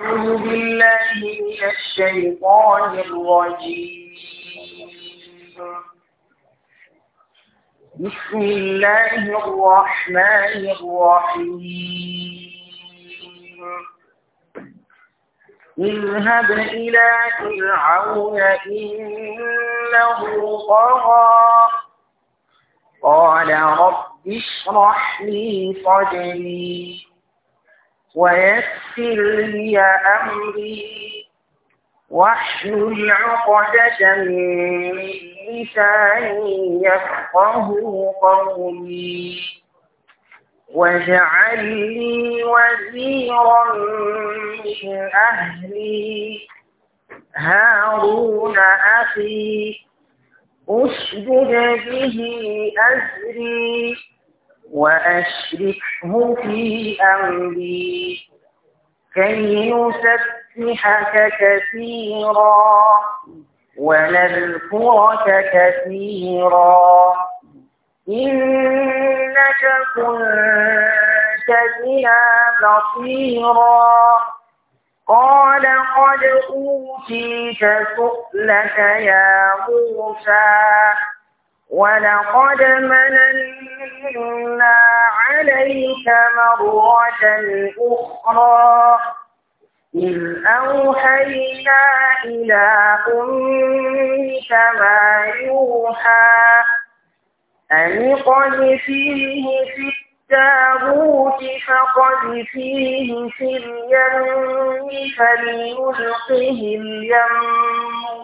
أعوذ بالله من الشيطان الرجيم بسم الله الرحمن الرحيم اذهب إلى فرعون إنه طغى قال رب اشرح لي صدري ويسر لي أمري واحلل عقدة من لساني يفقه قولي واجعل لي وزيرا من أهلي هارون أخي أشدد به أزري وأشركه في أمري كي نسبحك كثيرا ونذكرك كثيرا إنك كنت بنا بصيرا قال قد أوتيت سؤلك يا موسى ولقد مننا عليك مرة أخرى إذ أوحينا إلى أمك ما يوحى أن فيه في التابوت فيه في اليم فليلقه اليم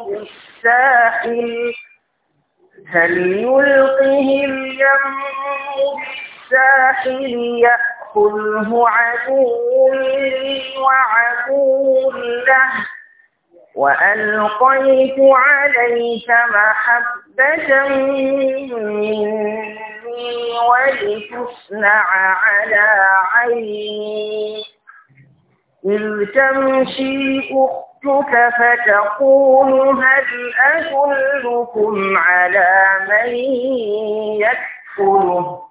بالساحل هل يلقهم اليم بالساحل يأخذه عدو وعدو له وألقيت عليك محبة مني ولتصنع على عيني إذ تمشي أختي ربك فتقول هل أدلكم على من يكفره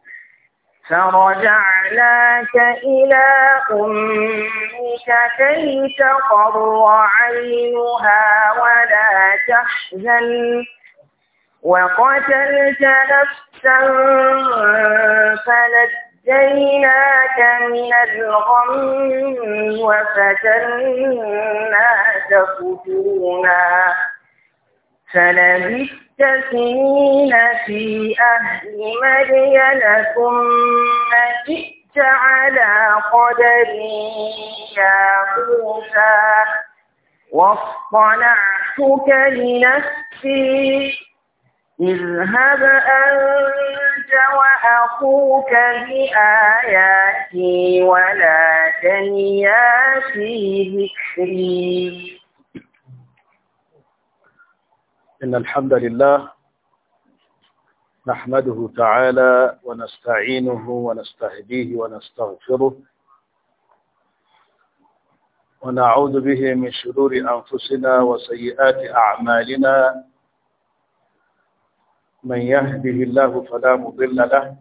فرجعناك إلى أمك كي تقر عينها ولا تحزن وقتلت نفسا فنجد ونجيناك من الغم وفتناك فتونا فلبثت سنين في أهل مدين ثم جئت على قدري يا موسى واصطنعتك لنفسي اذهب أنت وأخوك بآياتي ولا تنيا في ذكري إن الحمد لله نحمده تعالى ونستعينه ونستهديه ونستغفره ونعوذ به من شرور أنفسنا وسيئات أعمالنا من يهده الله فلا مضل له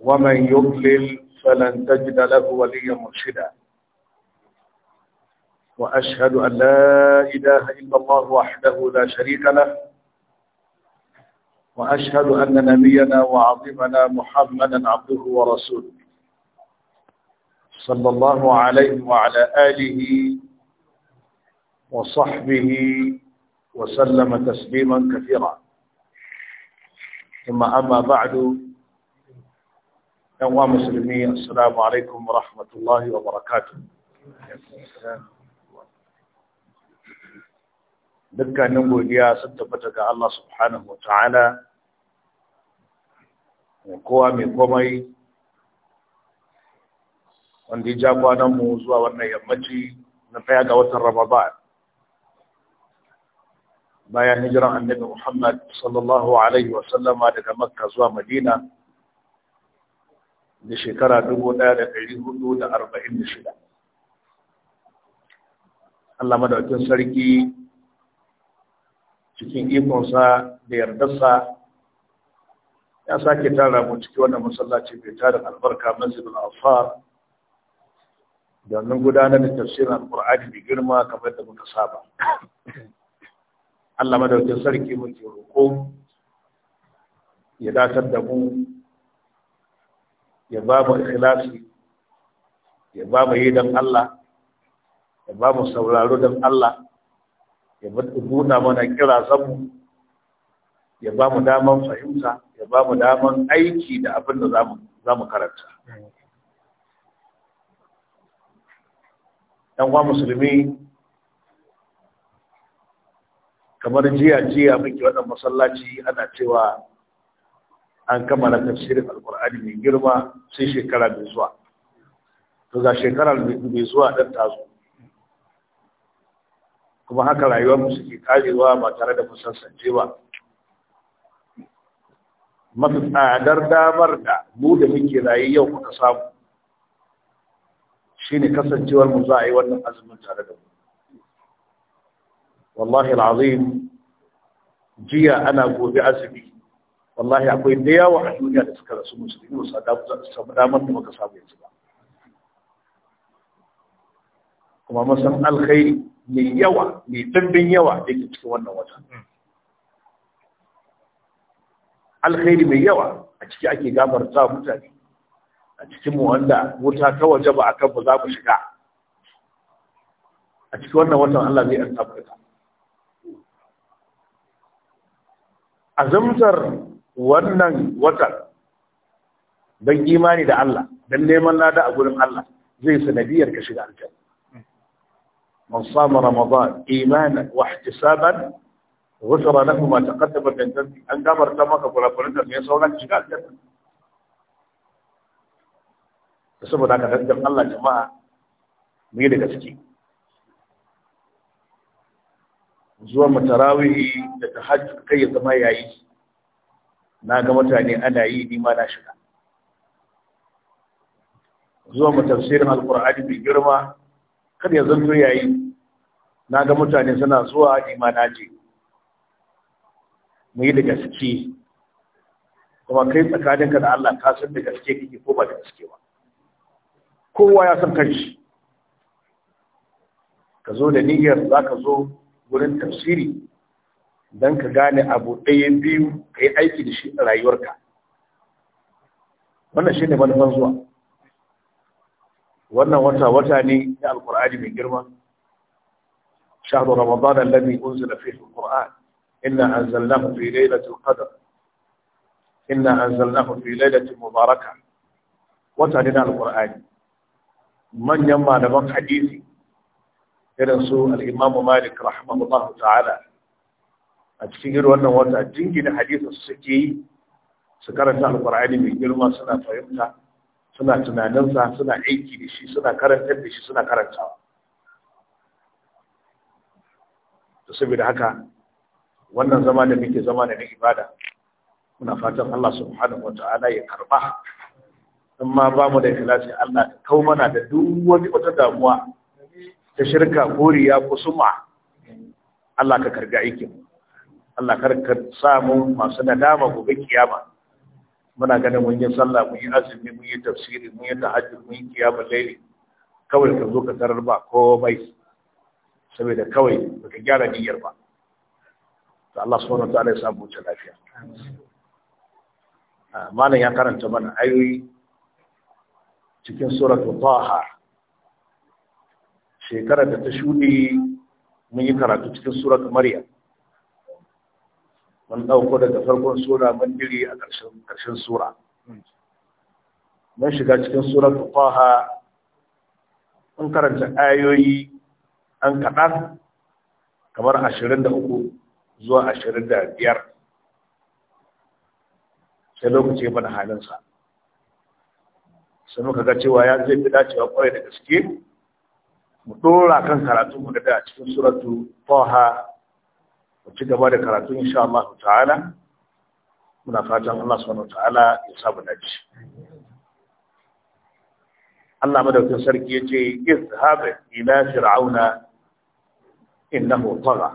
ومن يضلل فلن تجد له وليا مرشدا وأشهد أن لا إله إلا الله وحده لا شريك له وأشهد أن نبينا وعظيمنا محمدا عبده ورسوله صلى الله عليه وعلى آله وصحبه وسلم تسليما كثيرا ثم أما بعد يوم مسلمي السلام عليكم ورحمة الله وبركاته دكا نمو إليا ستبتك الله سبحانه وتعالى وقوى من قومي وانت جابوا نمو وزوى وانا يمجي نفيا قوة رمضان bayan hijiran annabi Muhammad sallallahu alaihi wasallama daga Makka zuwa Madina da shekara 1446 Allah madaukin sarki cikin ikonsa da yardarsa ya sake tara mu cikin wannan masallaci mai tarin albarka masjidul afar domin gudanar da tafsirin alkur'ani mai girma kamar da muka saba Allah madaukin sarki muke roƙo ya datar da mu ya ba mu ikhlasi ya ba mu yi don Allah ya ba mu sauraro don Allah ya buɗa mana kira mu ya ba mu daman fahimta ya ba mu daman aiki da abin da za mu karanta ‘yan kwa musulmi kamar jiya jiya muke wannan masallaci ana cewa an kammala tafsirin alkur'ani mai girma sai shekara mai zuwa to ga shekara mai zuwa ɗan tazo kuma haka rayuwar mu suke karewa ba tare da musassance ba mafi tsadar damar da mu da muke rayu yau kuka samu shine kasancewar mu za a yi wannan azumin tare da mu wallahi al'azim jiya ana gobe azumi wallahi akwai da yawa a duniya da suka rasu musulmi musa da samu damar da muka samu yanzu ba kuma masan alkhairi mai yawa mai dimbin yawa da ke cikin wannan wata alkhairi mai yawa a ciki ake gafarta mutane a cikin mu wanda wuta ta waje ba kan ba za mu shiga a cikin wannan watan Allah zai an tabbata azumtar wannan watan don imani da Allah don neman lada a gurin Allah zai sanadiyar ka shiga aljan. man sama ramadan imanan wa ihtisaban ghufira lahu ma taqaddama min dhanbi an ta maka kurakuran da ya sauran shiga aljan. saboda haka dan Allah jama'a mu yi da gaske zuwa matarawihi da hajji kai ya zama yayi na ga mutane ana yi ni ma na shiga zuwa matafsirin alkur'ani mai girma kar ya zanto yayi na ga mutane suna zuwa ni ma na je mu yi da gaske kuma kai tsakaninka da Allah ka san da gaske kike ko ba da gaske ba kowa ya san kanshi ka zo da niyyar za ka zo gurin tafsiri don ka gane abu ɗaya biyu ka yi aiki da shi a rayuwarka wannan shi ne manufan zuwa wannan wata wata ne na alkur'ani mai girma shahru ramadan alladhi unzila fihi alquran inna anzalnahu fi Ina qadr inna anzalnahu fi tun mubaraka wata ne na alkur'ani manyan malaman hadisi irin su al'imamu malik rahimahullahu ta'ala a cikin irin wannan wata jingina hadisa su suke yi su karanta alkur'ani mai girma suna fahimta suna tunaninsa suna aiki da shi suna karantar da shi suna karantawa to saboda haka wannan zama da muke zama da na ibada muna fatan Allah subhanahu ta'ala ya karba in ma ba mu da ikilasi Allah ka kau mana da duk wani wata damuwa ta shirka ko kusuma. ko Allah ka karga aikin Allah kar ka samu masu nadama gobe kiyama muna ganin mun yi sallah mun yi azumi mun yi tafsiri mun yi tahajjud mun yi kiyama laili kawai ka zo ka tarar ba komai saboda kawai baka gyara niyyar ba to Allah subhanahu wataala ya samu wuce lafiya malam ya karanta mana ayoyi cikin suratul taha shekarar da ta shuɗe mun yi karatu cikin surat maryam mun ɗauko daga farkon sura mun diri a ƙarshen sura mun shiga cikin sura taha mun karanta ayoyi an kaɗan kamar ashirin da uku zuwa ashirin da biyar sai lokaci mana halinsa sai muka ga cewa ya zai fi dacewa ƙwarai da gaske mu dora kan karatu mu da cikin suratu Taha mu ci gaba da karatu insha Allah ta'ala muna fatan Allah subhanahu wa ta'ala ya samu dace Allah madaukakin sarki yace izhab ila fir'auna innahu tagha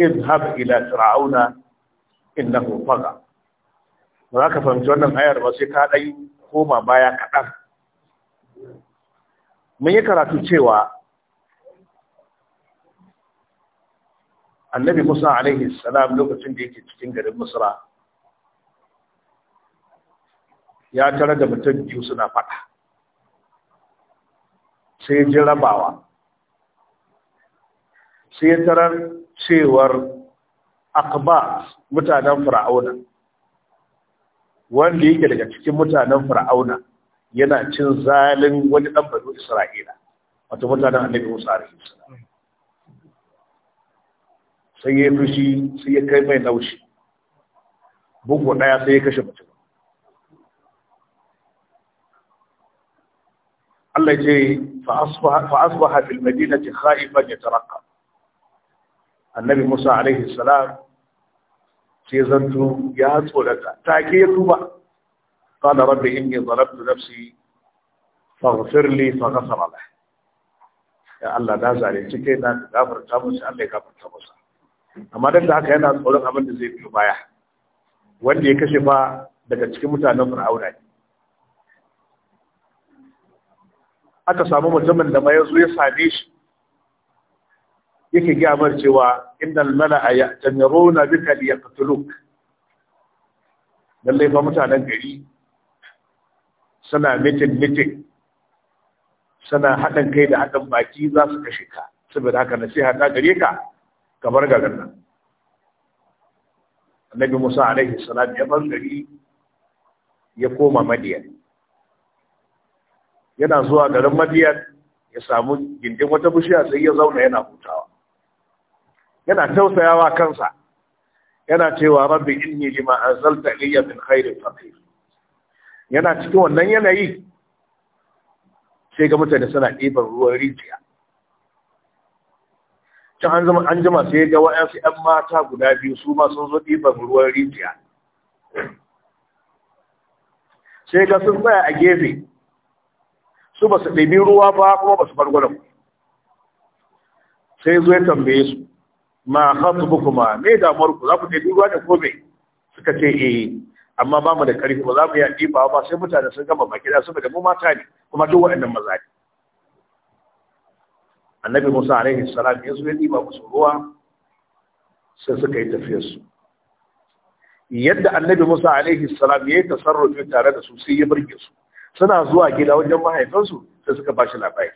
izhab ila fir'auna innahu tagha ba ka fahimci wannan ayar ba sai ka dai koma baya kaɗan mun yi karatu cewa annabi musa alaihi salam lokacin da yake cikin garin Musra, ya tare da mutum biyu suna faɗa sai ji rabawa sai tarar cewar akba mutanen fir'auna wanda yake daga cikin mutanen fir'auna yana cin zalin wani ɗan banu isra'ila wato mutanen annabi musa alaihi salam sai ya fushi sai ya kai mai naushi bugu ɗaya sai ya kashe mutum Allah ce fa asbaha fil madinati ya yataraqqa annabi Musa alaihi salam sai zanto ya tsorata take ya tuba قال رب إني ظلمت نفسي فاغفر لي فغفر له ya Allah na zalunci kai na ka gafarta musu Allah ya gafarta musu amma duk da haka yana tsoron abin da zai biyo baya wanda ya kashe fa daga cikin mutanen Fir'auna ne aka samu mutumin da ma zo ya same shi yake gaya mar cewa innal mala'a ya'tamiruna bika liyaqtuluk lalle fa mutanen gari suna mitin mitin suna haɗin kai da haɗin baki za su kashe ka saboda haka na nasiha ta gare ka kamar garin nan annabi musa alaihi salam ya bangare ya koma madiyan yana zuwa garin madiyan ya samu gindin wata bishiya sai ya zauna yana hutawa yana tausayawa kansa yana cewa rabbi inni lima anzalta ilayya min khairin faqir yana cikin wannan yanayi sai ga mutane suna ɗiban ruwan rijiya can an jima sai ga wa'yansu 'yan mata guda biyu su ma sun zo ɗiban ruwan rijiya sai ga sun tsaya a gefe su ba su ɗabi ruwa ba kuma ba su gwada sai zo ya tambaye su ma hatu bukuma me damar ku za ku ɗabi ruwa da kome suka ce eh amma ba mu da ƙarfi ba za mu iya ba ba sai mutane sun gama baki da saboda mu mata ne kuma duk waɗannan maza ne annabi musa alaihi salam ya zo ya ɗiba musu ruwa sai suka yi tafiyar su yadda annabi musa alaihi salam ya yi tasarrufi tare da su sai ya burge su suna zuwa gida wajen mahaifansu sai suka ba shi labari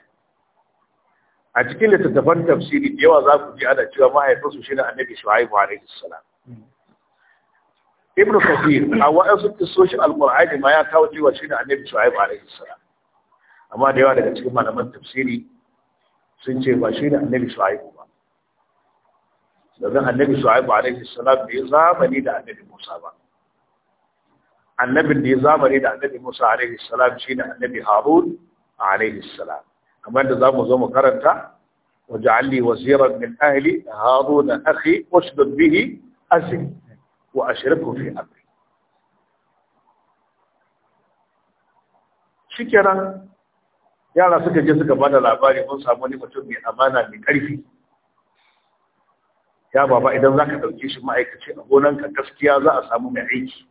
a cikin littattafan tafsiri da yawa za ku ji ana cewa mahaifinsu shi ne annabi shu'aibu alaihi salam ابن كثير اوائل في السوش القرآن ما يكاو جيوة سنة عن نبي شعيب عليه السلام اما ديوانا كتير ما لمن تفسيري سنة جيوة سنة عن نبي شعيب لذا عن نبي شعيب عليه السلام نظام نيدا عن نبي موسى عن نبي النظام نيدا عن نبي موسى عليه السلام سنة عن نبي هارون عليه السلام اما نظام وزوم قرنتا وجعل لي وزيرا من اهلي هارون اخي اشدد به أزلي وأشركه في أمري shikenan yara suka je suka bada labari mun samu wani mutum mai amana mai ƙarfi ya baba idan za ka ɗauke shi ma'aikaci a gonanka gaskiya za a samu mai aiki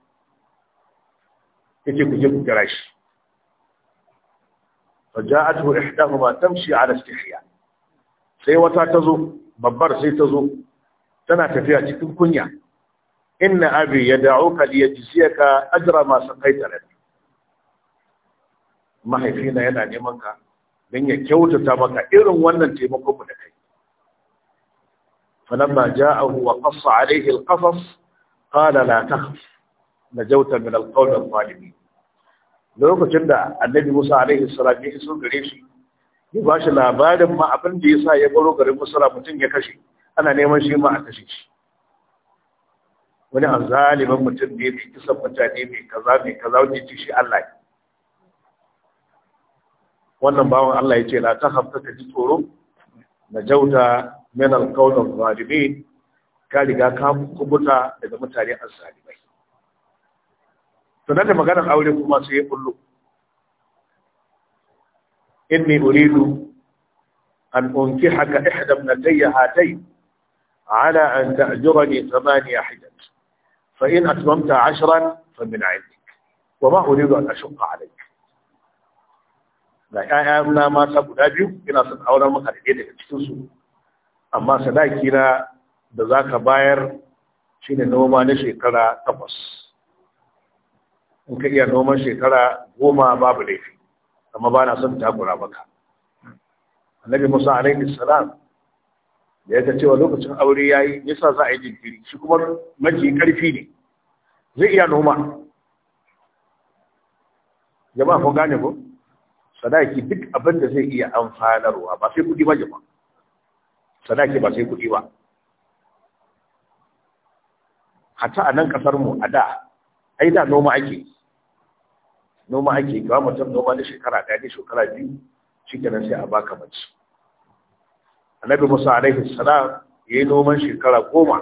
yake kuje ku kira shi فجاءته إحداهما تمشي على استحياء sai wata ta zo babbar sai ta zo tana tafiya cikin kunya inna abi yad'uka liyajziyaka ajra ma saqaita lana mahaifina yana neman ka don ya kyautata maka irin wannan taimakon mu da kai falamma ja'ahu wa qassa alayhi alqasas qala la takhaf najawta min alqawm alzalimin lokacin da annabi Musa alaihi salatu ya iso gare shi ya bashi labarin ma abin da yasa ya baro garin Musa mutum ya kashe ana neman shi ma a kashe shi wani a zaliban mutum ne mai kisan mutane mai kaza mai kaza wani ci shi Allah ne wannan bawan Allah ya ce la ta hafta ka ji tsoro na jauta min alqawlan zalimin ka riga ka kubuta daga mutane an zalimai to da maganar aure kuma sai ya kullu inni uridu an unki haka ihdam na ibnatayya hatayn ala an ta'jurani thamaniya hijaj فإن أتممت عشرا فمن عندك وما أريد أن أشق عليك ga ‘ya'yana mata guda biyu yana son auren maka da ɗaya daga cikinsu amma sadaki na da za ka bayar shine noma na shekara takwas in ka iya noman shekara goma babu laifi amma bana na son takura maka annabi musa alaihi salam da ya cewa lokacin aure ya yi yasa za a yi jinkiri shi kuma maji karfi ne zai iya noma jama'a ko gane ko sadaki duk abin da zai iya amfanarwa ba sai kudi ba jama'a sadaki ba sai kudi ba hatta a nan kasar mu a da ai da noma ake noma ake ga mutum noma da shekara ɗaya da shekara biyu shi kenan sai a baka mace annabi musa alaihi salam ya noman shekara goma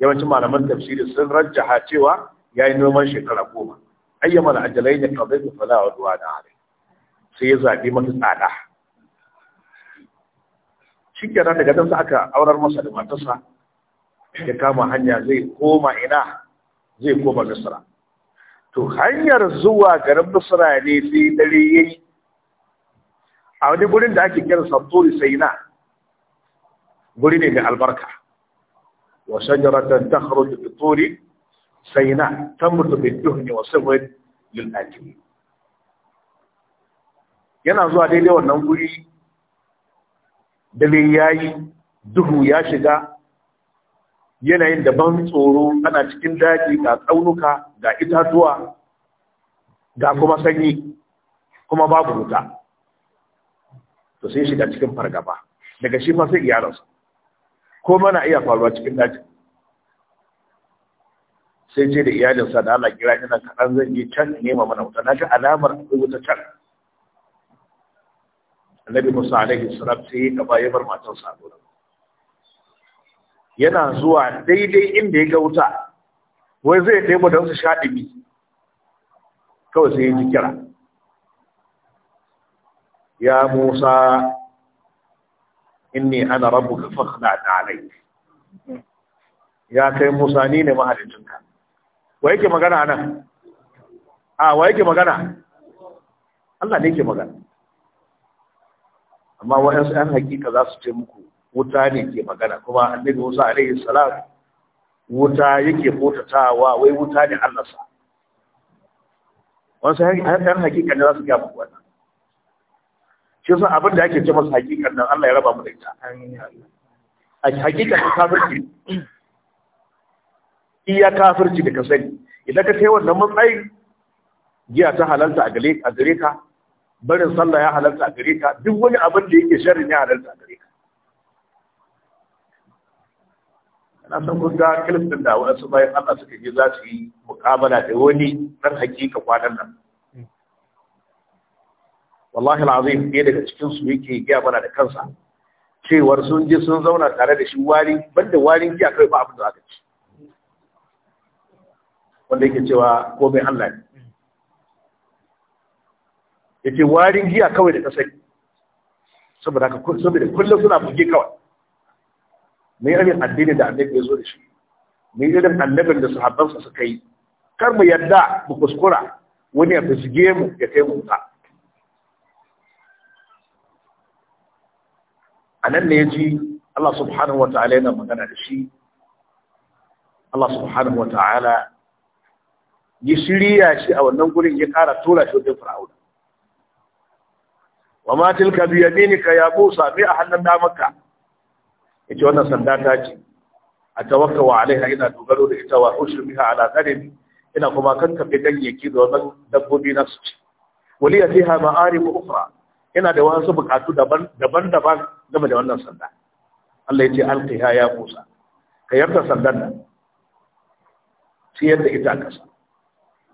yawancin malaman tafsiri sun rajjaha cewa ya yi noman shekara goma ayyamal da ajalai fala wa duwa da sai ya zaɓi mata tsada shi kenan daga sa aka aurar masa da matarsa ya kama hanya zai koma ina zai koma misra to hanyar zuwa garin misra ne sai dare yayi a wani gurin da ake kira sabtori sai na guri ne mai albarka wa shajaratan takhruju bi turi sayna tamutu bi duhni wa sawad lil akim yana zuwa daidai wannan guri dare yayi duhu ya shiga yanayin da ban tsoro ana cikin daji ga tsaunuka ga itatuwa ga kuma sanyi kuma babu wuta to sai shiga cikin fargaba daga shi ma sai iyalansa ko mana iya faruwa cikin dajin sai je da iyalinsa da Allah kira ina kaɗan zan yi can nema mana wuta na alamar akwai wuta can annabi musa alaihi salam sai ya gaba ya bar matan sa yana zuwa daidai inda ya ga wuta wai zai mu don su sha ɗumi kawai sai ya ji kira ya musa inni ana fahimta fakhna alayk ya kai Musa ni ne mahalicinka wa yake magana nan? a wa yake magana Allah ne yake magana amma wa'ansu 'yan hakika za su ce muku wuta ne ke magana kuma annabi Musa alaihi salam wuta yake kotatawa wai wuta ne Allah sa wasu 'yan hakika ne za su gaba wannan shi sun abin da ake ce masu hakikan nan Allah ya raba mu da ita a hakikan kafirci iya kafirci da ka sani idan ka kai wannan matsayin giya ta halalta a gare ka barin sallah ya halalta a gare ka duk wani abin da yake sharrin ya halalta a gare ka na san kun ga kilistin da su bayan Allah suka je za su yi mukamala da wani dan hakika kwanan nan wallahi alazim fiye daga cikin su yake giya mana da kansa cewar sun je sun zauna tare da shi wari banda warin giya kai ba abin da aka ci wanda yake cewa ko mai Allah ne yake warin giya kawai da kasai saboda kullu saboda kullum suna buge kawai mai irin addini da annabi ya zo da shi mai irin annabin da sahabbansa suka yi kar mu yadda mu kuskura wani ya fisge mu ya kai mu ta a nan ne ya ji Allah subhanahu wa ta'ala yana magana da shi Allah subhanahu wa ta'ala ya shirya shi a wannan gurin ya kara tura shi wajen fir'auna wa ma tilka bi yaminika ya Musa bi a hannun damarka yace wannan sanda ta ce a wa alaiha ina dogaro da ita wa ushir biha ala qalbi ina kuma kankafe ganyayyaki da wannan dabbobi na su ci waliya fiha ma'arib ukhra ina da wasu bukatu daban-daban game da wannan sanda Allah ya ce alqiha ya Musa ka yarda sandan nan sai yadda ita kasa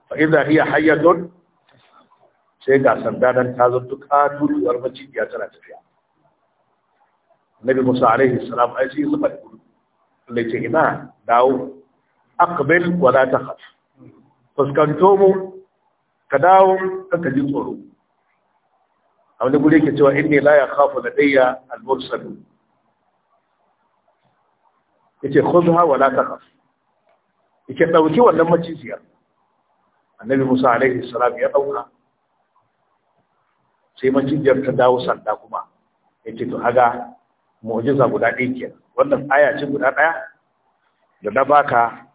fa idza hiya hayyatun sai ga sanda nan ta zo duk katuruwar maciya tana tafiya Nabi Musa alaihi salam ai sai zuba da gudu Allah ya ce ina dawo aqbil wa la takhaf fuskanto mu ka dawo ka ji tsoro a wani guri ke cewa inni la khafu ladayya al-mursalun yace khudha wa la takhaf yace dauki wannan maciziya annabi Musa alaihi salam ya dauka sai macijiyar ta dawo sanda kuma yace to haga mu'jiza guda ɗaya ke wannan aya ce guda ɗaya da na baka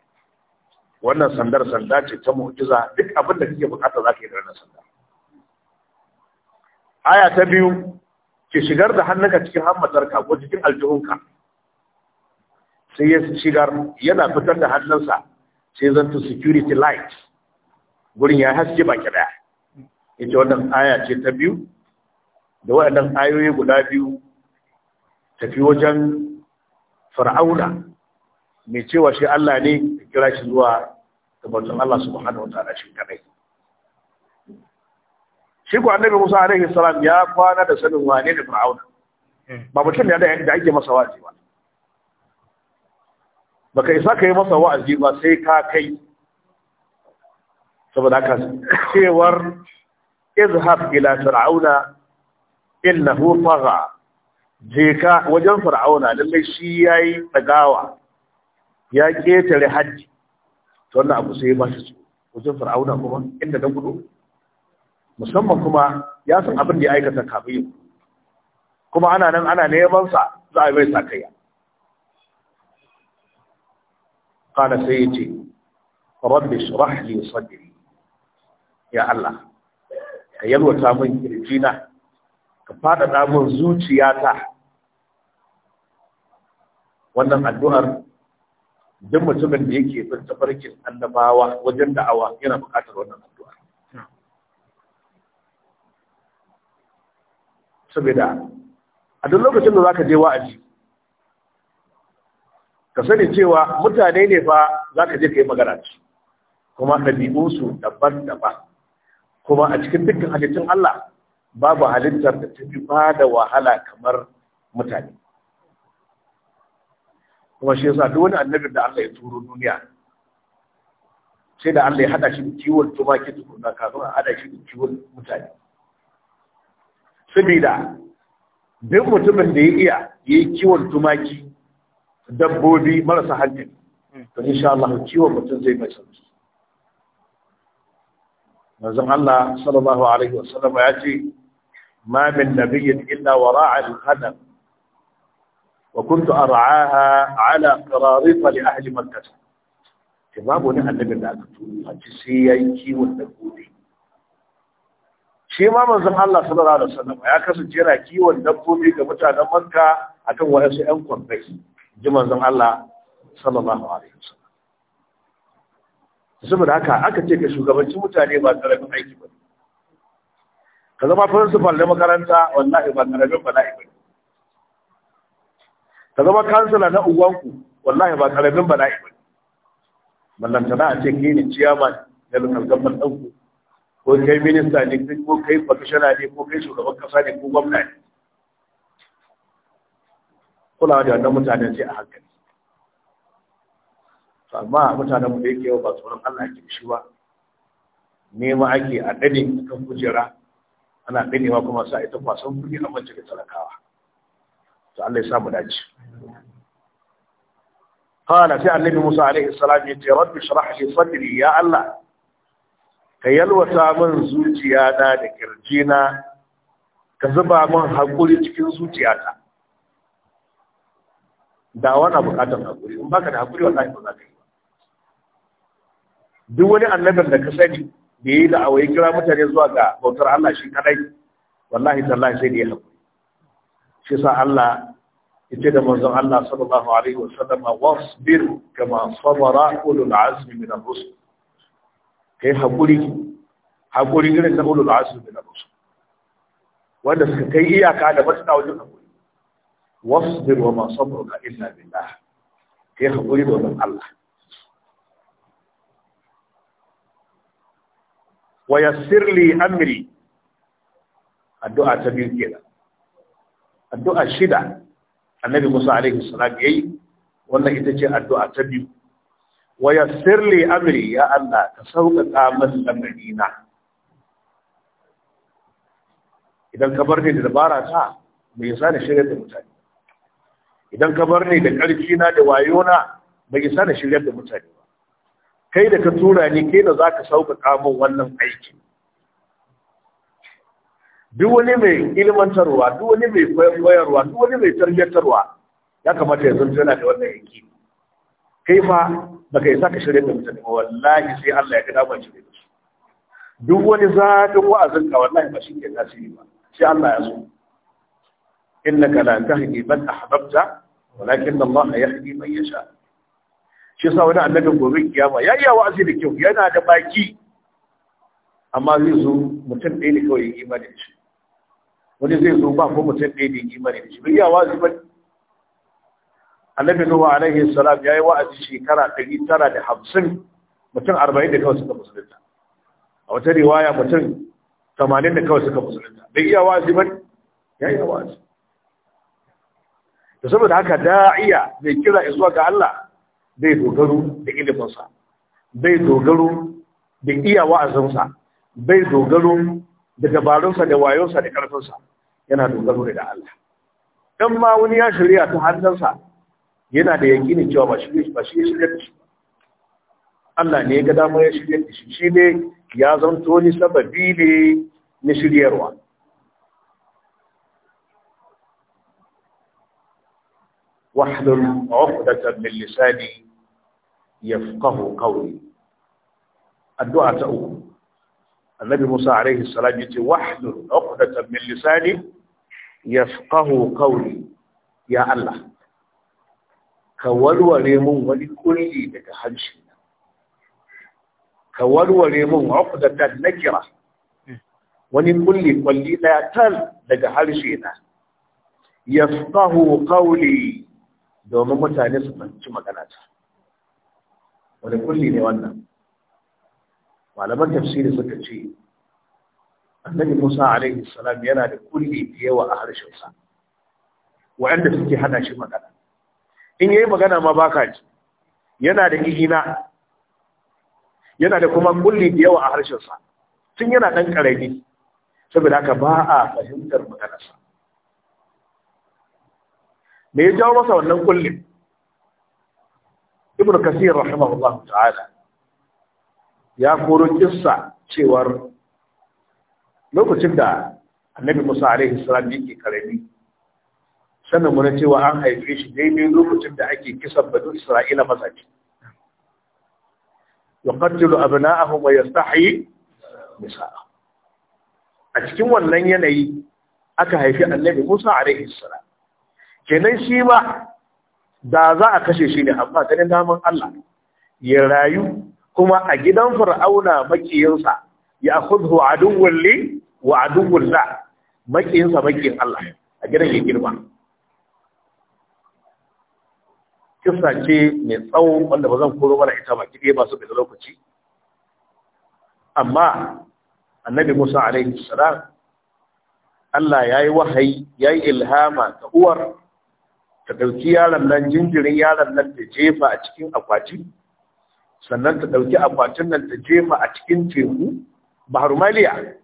wannan sandar sanda ce ta mu'jiza duk abin da kake bukata zaka yi da wannan sandar aya ta biyu ke shigar da hannunka cikin hammatarka ko cikin aljihunka sai ya shigar yana fitar da hannunsa sai zan security light gurin ya haske baki daya ita wannan aya ce ta biyu da waɗannan ayoyi guda biyu tafi wajen fir'auna mai cewa shi Allah ne kira shi zuwa gabatun Allah subhanahu wa ta'ala shi kadai shi ko annabi Musa alaihi salam ya kwana da sanin wane da Fir'auna ba mutum ne da ake masa wa'azi ba baka isa ka yi masa wa'azi ba sai ka kai saboda haka cewar izhab ila fir'auna innahu tagha je ka wajen fir'auna lalle shi yayi tsagawa ya ketare hajji, to wannan abu sai ba shi wajen fir'auna kuma inda na gudu musamman kuma ya san abin da ya aikata kafin kuma ana nan ana neman sa za a bai sai ya ce rabbi shrah li sadri ya Allah ka yalwata min kirjina ka faɗaɗa min zuciyata wannan addu'ar duk mutumin da yake bin tafarkin annabawa wajen da'awa yana buƙatar wannan addu'ar saboda a duk lokacin da za ka je wa'azi ka sani cewa mutane ne fa za ka je ka yi magana ci kuma ɗabi'unsu daban-daban kuma a cikin dukkan halittun Allah babu halittar da ta fi ba da wahala kamar mutane kuma shi yasa duk wani annabin da Allah ya turo duniya sai da Allah ya haɗa shi da kiwon tumaki tukuna kafin a hada shi da kiwon mutane sabida duk mutumin da ya iya ya yi kiwon tumaki dabbobi marasa hankali to insha Allah kiwon mutum zai mai sauki manzon Allah sallallahu alaihi wasallam ya ce ma min nabiyyin illa wara'a al-qadam wa kuntu ar'aha ala qararita li ahli makkah babu ne annabin da aka turo a ci sai yayi kiwon dabbobi shi ma manzon Allah sallallahu alaihi wasallam ya kasance yana kiwon dabbobi ga mutanen Makka akan wayansu ƴan kwambai ji manzon Allah sallallahu alaihi wasallam saboda haka aka ce ka shugabanci mutane ba karamin aiki ba ka zama principal na makaranta wallahi ba karamin bala'i ba ka zama kansila na uwanku wallahi ba karamin bala'i ba ballantana a ce ke ne ciyaman da lokacin gaban ɗanku ko kai minista ne ko kai kwamishina ne ko kai shugaban kasa ne ko gwamna ne kula da wannan mutane sai a hankali To amma mutanen mu da yake yau ba tsoron Allah ke shi ba nema ake a dade kan kujera ana ma kuma sa ita kwasan kuɗi a mace da talakawa to Allah ya sa mu dace قال في علم موسى عليه السلام يا رب اشرح لي صدري يا الله ka yalwata min zuciya na da kirji na ka zuba min haƙuri cikin zuciyata da wana buƙatar haƙuri in baka da haƙuri wallahi ba za ka yi duk wani annabin da ka sani da yi da'awa ya kira mutane zuwa ga bautar Allah shi kadai wallahi tallahi sai da ya haƙuri shi sa Allah ce da manzon Allah sallallahu alaihi wa wasbir kama sabara ulul azmi min ar-rusul kai haƙuri haƙuri irin na ulul da bin abusu wanda suka kai iyaka da matsala wajen haƙuri wasbir wa ma sabruka illa billah kai haƙuri domin Allah wa yassir li amri addu'a ta biyu ke nan addu'a shida annabi Musa alaihi salam yayi wannan ita ce addu'a ta biyu Waya yassir li amri ya Allah ka sauƙaƙa min lamarina idan ka bar ni da dabara ta me yasa na shirya da mutane idan ka bar ni da ƙarfi na da wayo na me yasa na shirya da mutane kai da ka tura ni kai da zaka sauƙaƙa min wannan aikin duk wani mai ilmantarwa duk wani mai koyarwa duk wani mai tarbiyyantarwa ya kamata ya zanto yana da wannan yanki kai fa baka yi saka shirye da mutane ba wallahi sai Allah ya ga dama da su duk wani zaɗin wa'azin ka wallahi ba shi ke tasiri ba sai Allah ya so innaka la tahdi man ahbabta walakin Allah yahdi man yasha shi sa wani annabi gobe kiyama ya iya wa'azi da kyau yana da baki amma zai zo mutum ɗaya ne kawai ya imani da shi wani zai zo ba ko mutum ɗaya ne ya imani da shi bai iya wa'azi ba annabi nuhu alaihi salam yi wa'azi shekara 950 mutum 40 da kawai suka musulunta a wata riwaya mutum 80 da kawai suka musulunta bai iya wa'azi ba Ya yi wa'azi da saboda haka da'iya mai kira zuwa ga Allah bai dogaro da iliminsa bai dogaro da iya wa'azinsa bai dogaro da dabarunsa da wayonsa da ƙarfinsa yana dogaro da Allah dan ma wani ya shirya ta hannunsa yana da yakinin cewa ba shi ya shirya da shi Allah ne ga damar ya shirya da shi shi ne ya zanto ni sababi ne na shiryarwa wahlul 'uqdatan min lisani yafqahu kawai addu'a ta uku annabi Musa alaihi salam yace wahlul 'uqdatan min lisani yafqahu kawai ya Allah ka warware mun wani kulli daga harshe ka warware mun uqdatan nakira wani kulli kulli daya tal daga harshe na yafqahu qawli domin mutane su fahimci magana ta wani kulli ne wannan malaman tafsiri suka ce annabi Musa alaihi salam yana da kulli da yawa a harshen sa wa'anda suke hada shi magana in yayi magana ma baka ji yana da ihina yana da kuma kulli da yawa a harshen sa, tun yana ɗan karami saboda haka ba a fahimtar maganarsa me ya jawo masa wannan kulli ibnu kasir rahimahullah ta'ala ya koro kissa cewar lokacin da annabi musa alaihi salam yake karami sannan muna cewa an haife shi daidai lokacin da ake kisan banu isra'ila Ya abu na ahu mai ya sahi nisa'ahum a cikin wannan yanayi aka haifi annabi Musa rai isra kenan shi ba, da za a kashe shi ne amma ganin naman Allah ya rayu kuma a gidan fir'auna makiyinsa ya khudhu aduwwan li wa aduwwan la makiyinsa makiyin Allah a gidan ya girma kisa ce mai tsawo wanda ba zan koro mana ita baki ɗaya ba su da lokaci amma annabi musa alaihi salam Allah ya yi wahayi ya yi ilhama ta uwar ta ɗauki yaron nan jinjirin yaron nan ta jefa a cikin akwati sannan ta ɗauki akwatin nan ta jefa a cikin teku bahar maliya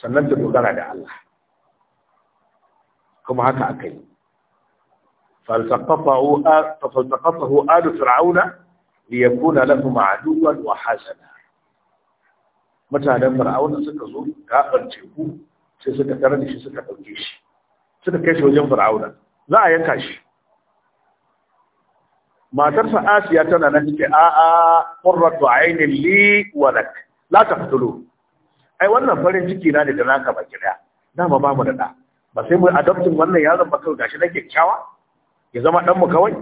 sannan ta dogara da Allah kuma haka aka yi فالتقطه فالتقطه آل فرعون ليكون لهم عدوا وحسنا mutanen fir'auna suka zo gaɓar teku sai suka tare da shi suka ɗauke shi suka kai shi wajen fir'auna za a yanka shi Matar asiya tana nan take a'a qurratu aynin li wa lak la taqtulu ai wannan farin ciki na ne da naka baki daya dama ba mu da da ba sai mu adoptin wannan yaron ba kai gashi nake kyakkyawa? ya zama ɗanmu kawai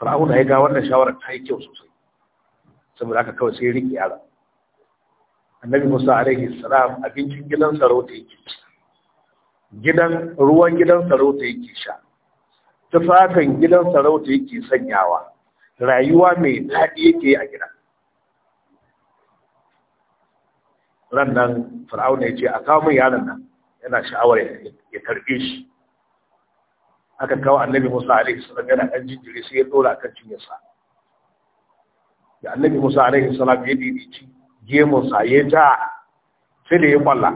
fir'auna ya ga wannan shawarar ta yi kyau sosai saboda aka kawai sai riƙe yara annabi musa alaihi salam abincin gidan sarauta yake ci gidan ruwan gidan sarauta yake sha tufafin gidan sarauta yake sanyawa rayuwa mai daɗi yake a gida Rannan nan ya ce a kawo min yaron nan yana sha'awar ya karɓe shi aka kawo annabi musa alaihi salam yana ɗan jinjiri sai ya ɗora kan cinyarsa da annabi musa alaihi salam ya ɗiɗici gemunsa ya ja sai da ya kwalla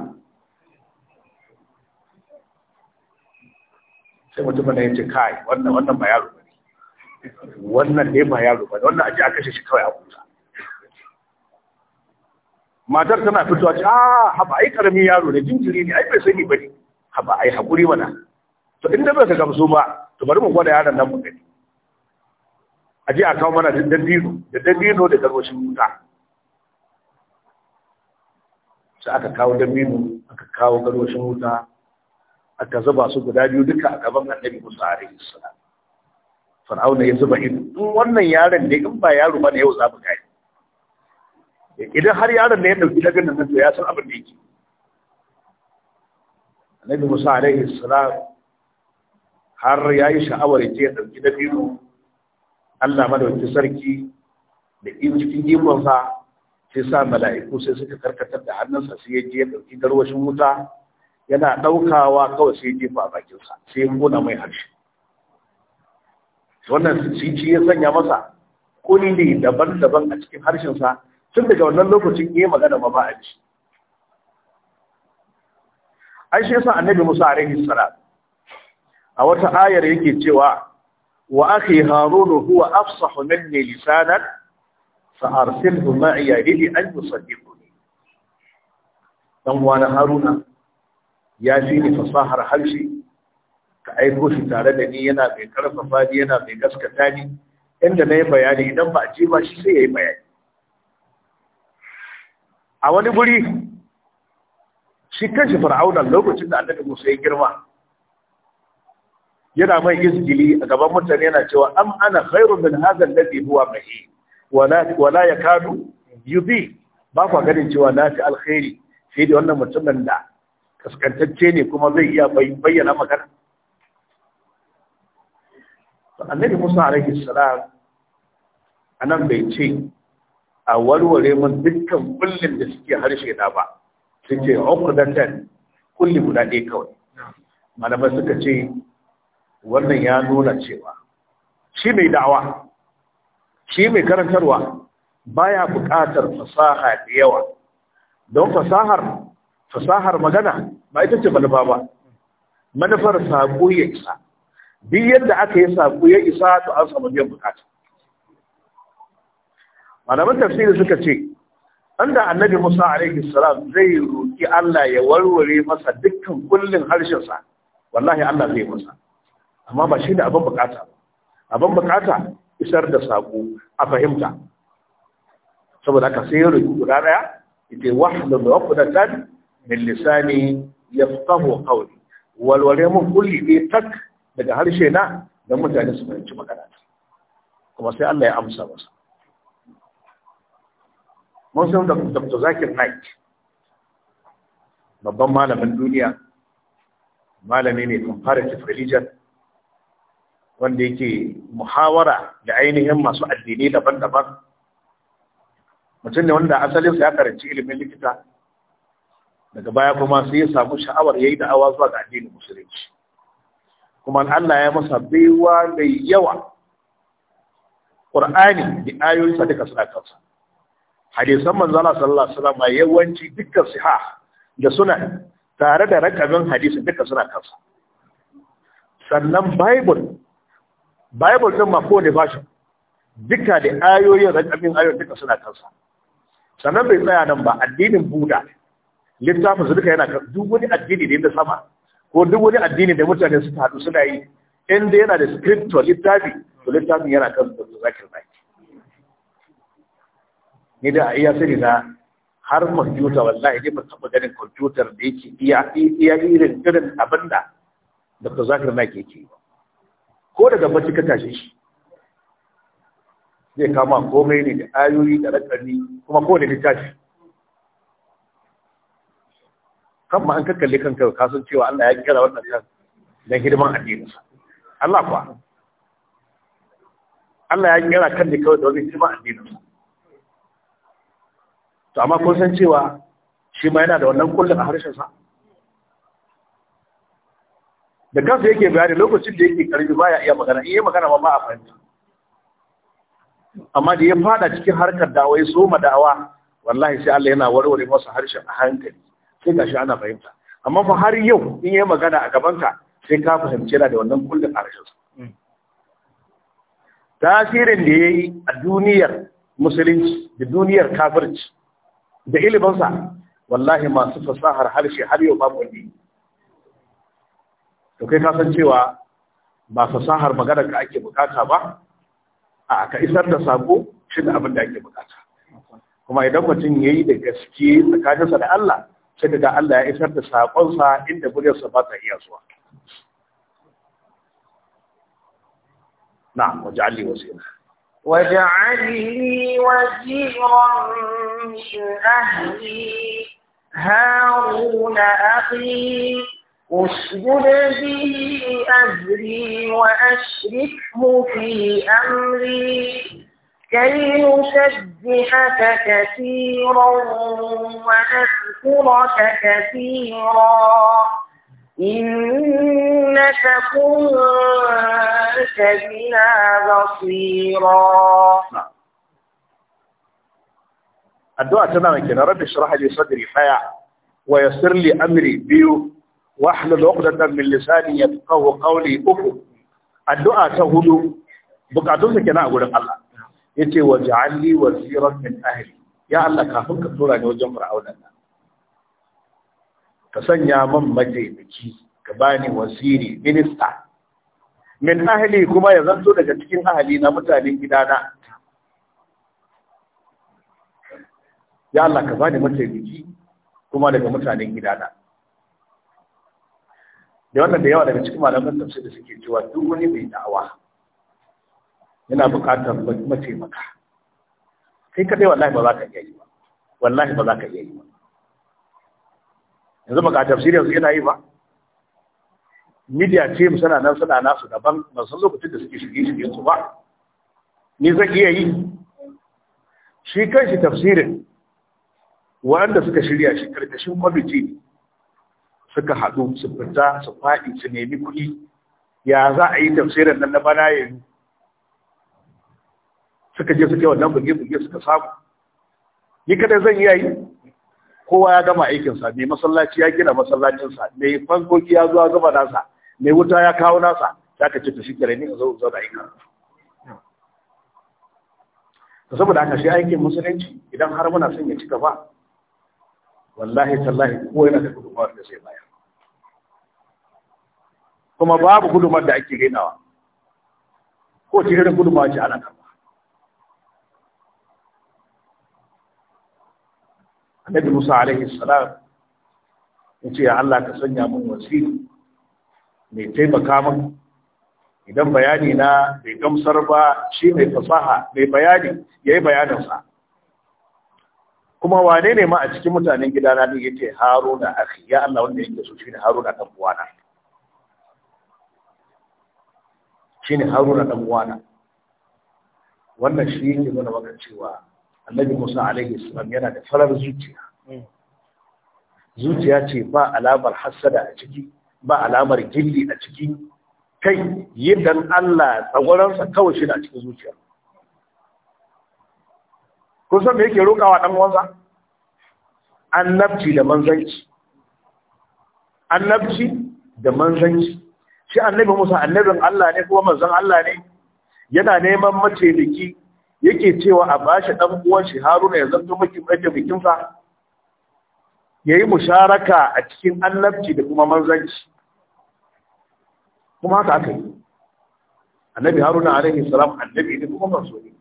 sai mutum na yace kai wannan wannan ba yaro bane wannan ne ba yaro bane wannan aje aka shi kawai a kusa matar tana fitowa ce ah, a haba ai karamin yaro ne jinjiri ne ai bai sani bane haba ai hakuri mana to inda bai ka gamsu ba to bari mu gwada yaron nan mu gani a ji a kawo mana da dandino da dandino da garwashin wuta sai aka kawo dandino aka kawo garwashin wuta aka zuba su guda biyu duka a gaban annabi musa alaihi salam fir'auna ya zuba ido in wannan yaron ne in ba yaro ba ne yau za mu gani idan har yaron ne ya dauki daga nan to ya san abin da yake annabi musa alaihi salam har ya yi sha'awar ya ya ɗauki da biyu Allah madawacin sarki da in cikin ikonsa sai sa mala'iku sai suka karkatar da hannunsa sai ya je ya ɗauki garwashin wuta yana ɗaukawa kawai sai ya jefa a bakinsa sai ya kona mai harshe wannan cici ya sanya masa ne daban-daban a cikin harshen sa, tun daga wannan lokacin ya magana ba ba a ci. Aisha shi yasa annabi Musa alaihi salam a wata ayar yake cewa wa akhi harunu huwa afsahu minni lisanan fa arsilhu ma'iya ili an yusaddiquni dan wani haruna ya fi ni fasahar harshe ka aiko shi tare da ni yana mai karfafa ni yana mai gaskata ni inda na yi bayani idan ba a ce ba shi sai ya yi bayani a wani guri shi kan shi fir'auna lokacin da annabi musa ya girma yana mai izgili a gaban mutane yana cewa am ana khairu min hadha alladhi huwa mahi wala wala yakadu yubi ba kwa ganin cewa na fi alkhairi sai da wannan mutumin da kaskantacce ne kuma zai iya bayyana magana annabi Musa alaihi salam anan bai ce a warware mun dukkan kullin da suke harshe da ba ce uqdatan kulli guda ɗaya kawai malamai suka ce wannan ya nuna cewa shi mai da'awa shi mai karantarwa baya buƙatar fasaha da yawa don fasahar fasahar magana ba ita ce manufa ba manufar saƙo ya isa duk yadda aka yi saƙo ya isa to an samu biyan buƙata malaman tafsiri suka ce inda annabi Musa alaihi salam zai roƙi Allah ya warware masa dukkan kullun harshensa wallahi Allah zai masa amma ba shi ne abin bukata abin bukata isar da saƙo a fahimta saboda haka sai yaro guda ɗaya ita wahlul uqdatan min lisani yafqahu qawli walwale mun kulli ne tak daga harshe na don mutane su fahimci magana kuma sai Allah ya amsa masa mun san Dr. Zakir Naik babban malamin duniya malami ne comparative religion wanda yake muhawara da ainihin masu addini daban-daban mutum ne wanda asalinsa ya karanci ilimin likita daga baya kuma sai ya samu sha'awar yayi da awa zuwa ga addinin musulunci kuma Allah ya masa baiwa mai yawa Qur'ani da ayoyinsa duka suna kansa hadisan manzo Allah sallallahu alaihi wasallam yawanci dukkan siha da sunan tare da rakabin hadisi duka suna kansa sannan bible bible din ma kowane bashi duka da ayoyin rakabin ayoyin duka suna kansa sannan bai tsaya nan ba addinin buda littafin su duka yana kan duk wani addini da yadda sama ko duk wani addini da mutane su haɗu suna yi inda yana da scripture littafi to littafin yana kan da zakir zaki. ni da iya sani na har kwamfuta wallahi ne ban taɓa ganin kwamfutar da yake iya iya irin irin abin da dr zakir nai ke yi. ko daga bacci ka tashe shi zai kama komai ne da ayoyi da rakani kuma ko da littafi kan ma an kakkalle kanka ka san cewa Allah ya kira wannan kan dan hidiman addininsa Allah kuwa Allah ya kira kan da kawai da hidiman addininsa to amma kun san cewa shi ma yana da wannan kullum a harshen sa. da kansa yake bayani lokacin da yake karbi baya iya magana iya magana ba a fahimta amma da ya fada cikin harkar dawai so dawa wallahi sai Allah yana warware masa harshen a hankali sai shi ana fahimta amma fa har yau in yi magana a gabanka sai ka fahimci yana da wannan kullum a rashin hmm. tasirin da ya yi a duniyar musulunci da duniyar kafirci da ilimansa wallahi masu fasahar harshe har yau babu wanda to kai ka san cewa ba fasahar magana ka ake bukata ba a ka isar da sako shi da abin da ake bukata kuma idan mutum ya yi da gaske tsakaninsa da Allah sai daga Allah ya isar da saƙonsa inda muryarsa ba ta iya zuwa na waje'ali wasila waje'ali wasiran min ahli haruna akhi اشدد به أجري وأشركه في أمري كي نسبحك كثيرا ونذكرك كثيرا إنك كنت بنا بصيرا الدعاء تماما كان رب اشرح لي صدري فيع ويسر لي أمري بيو wahlul uqdatan min lisani yafqahu qawli uku addu'a ta hudu bukatun sa kenan a gurin Allah yace waj'alni waziran min ahli ya Allah kafin ka tura ni wajen fir'auna ka sanya man mataimaki ka bani wasiri minista min ahli kuma ya zanto daga cikin ahli na mutanen gidana ya Allah ka bani mataimaki kuma daga mutanen gidana da wannan da yawa daga cikin malaman tafsir da suke cewa duk wani mai da'awa yana buƙatar mace maka. kai kadai wallahi ba za ka iya yi ba wallahi ba za ka iya yi ba yanzu maka tafsir yanzu yana yi ba Midiya ce mu sana nan sana nasu daban ba san lokacin da suke shige shige su ba ni zan iya yi shi kanshi tafsirin waɗanda suka shirya shi karkashin kwamiti ne suka haɗu su fita su faɗi su nemi kuɗi ya za a yi tafsirin nan na bana yanzu suka je suke wannan buge-buge suka samu ni kada zan yi kowa ya gama aikinsa mai masallaci ya gina masallacinsa mai fankoki ya zuwa gaba nasa mai wuta ya kawo nasa za ka ce ta shikare ne zo zo da aikin Ka saboda haka shi aikin musulunci idan har muna son ya ci gaba wallahi tallahi ko yana da gudunmawar da sai baya kuma babu gudumar da ake rainawa ko ce irin guduma ce ana kama annabi musa alaihi salam ya ce allah ka sanya min wasiri mai taimaka min idan bayani na bai gamsar ba shi mai fasaha mai bayani ya yi bayaninsa kuma wane ne ma a cikin mutanen gidana ne ya ce haruna akhi ya allah wanda yake so shi ne haruna kan uwana shine haruna dan uwana wannan shi yake nuna maka cewa annabi musa alaihi salam yana da farar zuciya zuciya ce ba alamar hassada a ciki ba alamar gilli a ciki kai yidan Allah tsagwaransa kawai shi a cikin zuciya kun san me yake rokawa dan uwansa annabci da manzanci annabci da manzanci shi annabi Musa annabin Allah ne kuma manzon Allah ne yana neman mataimaki yake cewa a bashi dan uwan shi Haruna ya zanto miki mataimakin fa yayi musharaka a cikin annabci da kuma manzanci kuma haka aka yi annabi Haruna alaihi salam annabi ne kuma manzo ne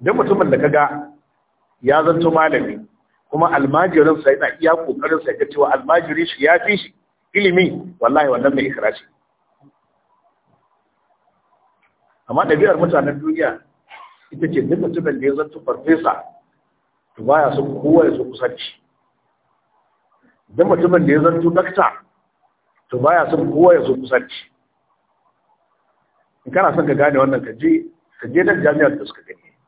dan mutumin da kaga ya zanto malami kuma almajirin sa yana iya kokarin sa ga cewa almajiri shi ya fi shi ilimi wallahi wannan mai ikrashi ce amma biyar mutanen duniya ita ce duk mutumin da ya zanto farfesa to baya su kowa ya so kusa da shi duk mutumin da ya zanto dakta to baya su kowa ya so kusa da shi in kana son ka gane wannan ka je ka je da jami'ar da suka gani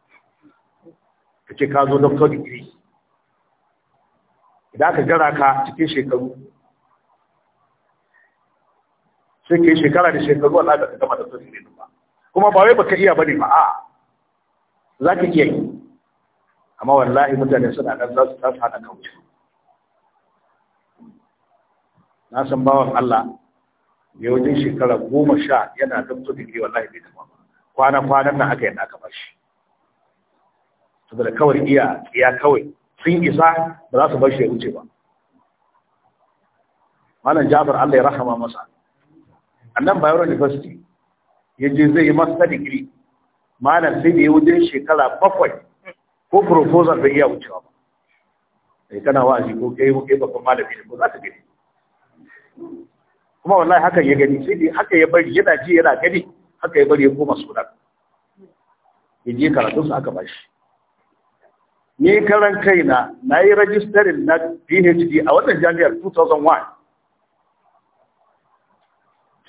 ka ce ka zo doctor degree idan aka gara ka cikin shekaru sai ke shekara da shekaru Allah da ka gama da ne ba kuma ba wai baka iya bane ba a'a za ka iya yi amma wallahi mutane suna nan za su tasa hada kauce na san bawan Allah ya wajen shekara goma sha yana doktor digiri wallahi bai ba. kwana kwanan nan aka yi na aka bashi saboda kawai iya iya kawai sun isa ba za su bar shi ya wuce ba malam jafar Allah ya rahama masa annan bayero university ya je zai yi master degree malam sai da ya wuce shekara bakwai ko proposal bai iya wucewa ba sai kana wa'azi ko kai ko kai babban malami ne ko za ka gani kuma wallahi haka ya gani sai dai haka ya bari yana ji yana gani haka ya bari ya koma sunan. ya je karatu su aka bashi ni karan kaina na yi rajistarin na phd a wannan jami'ar 2001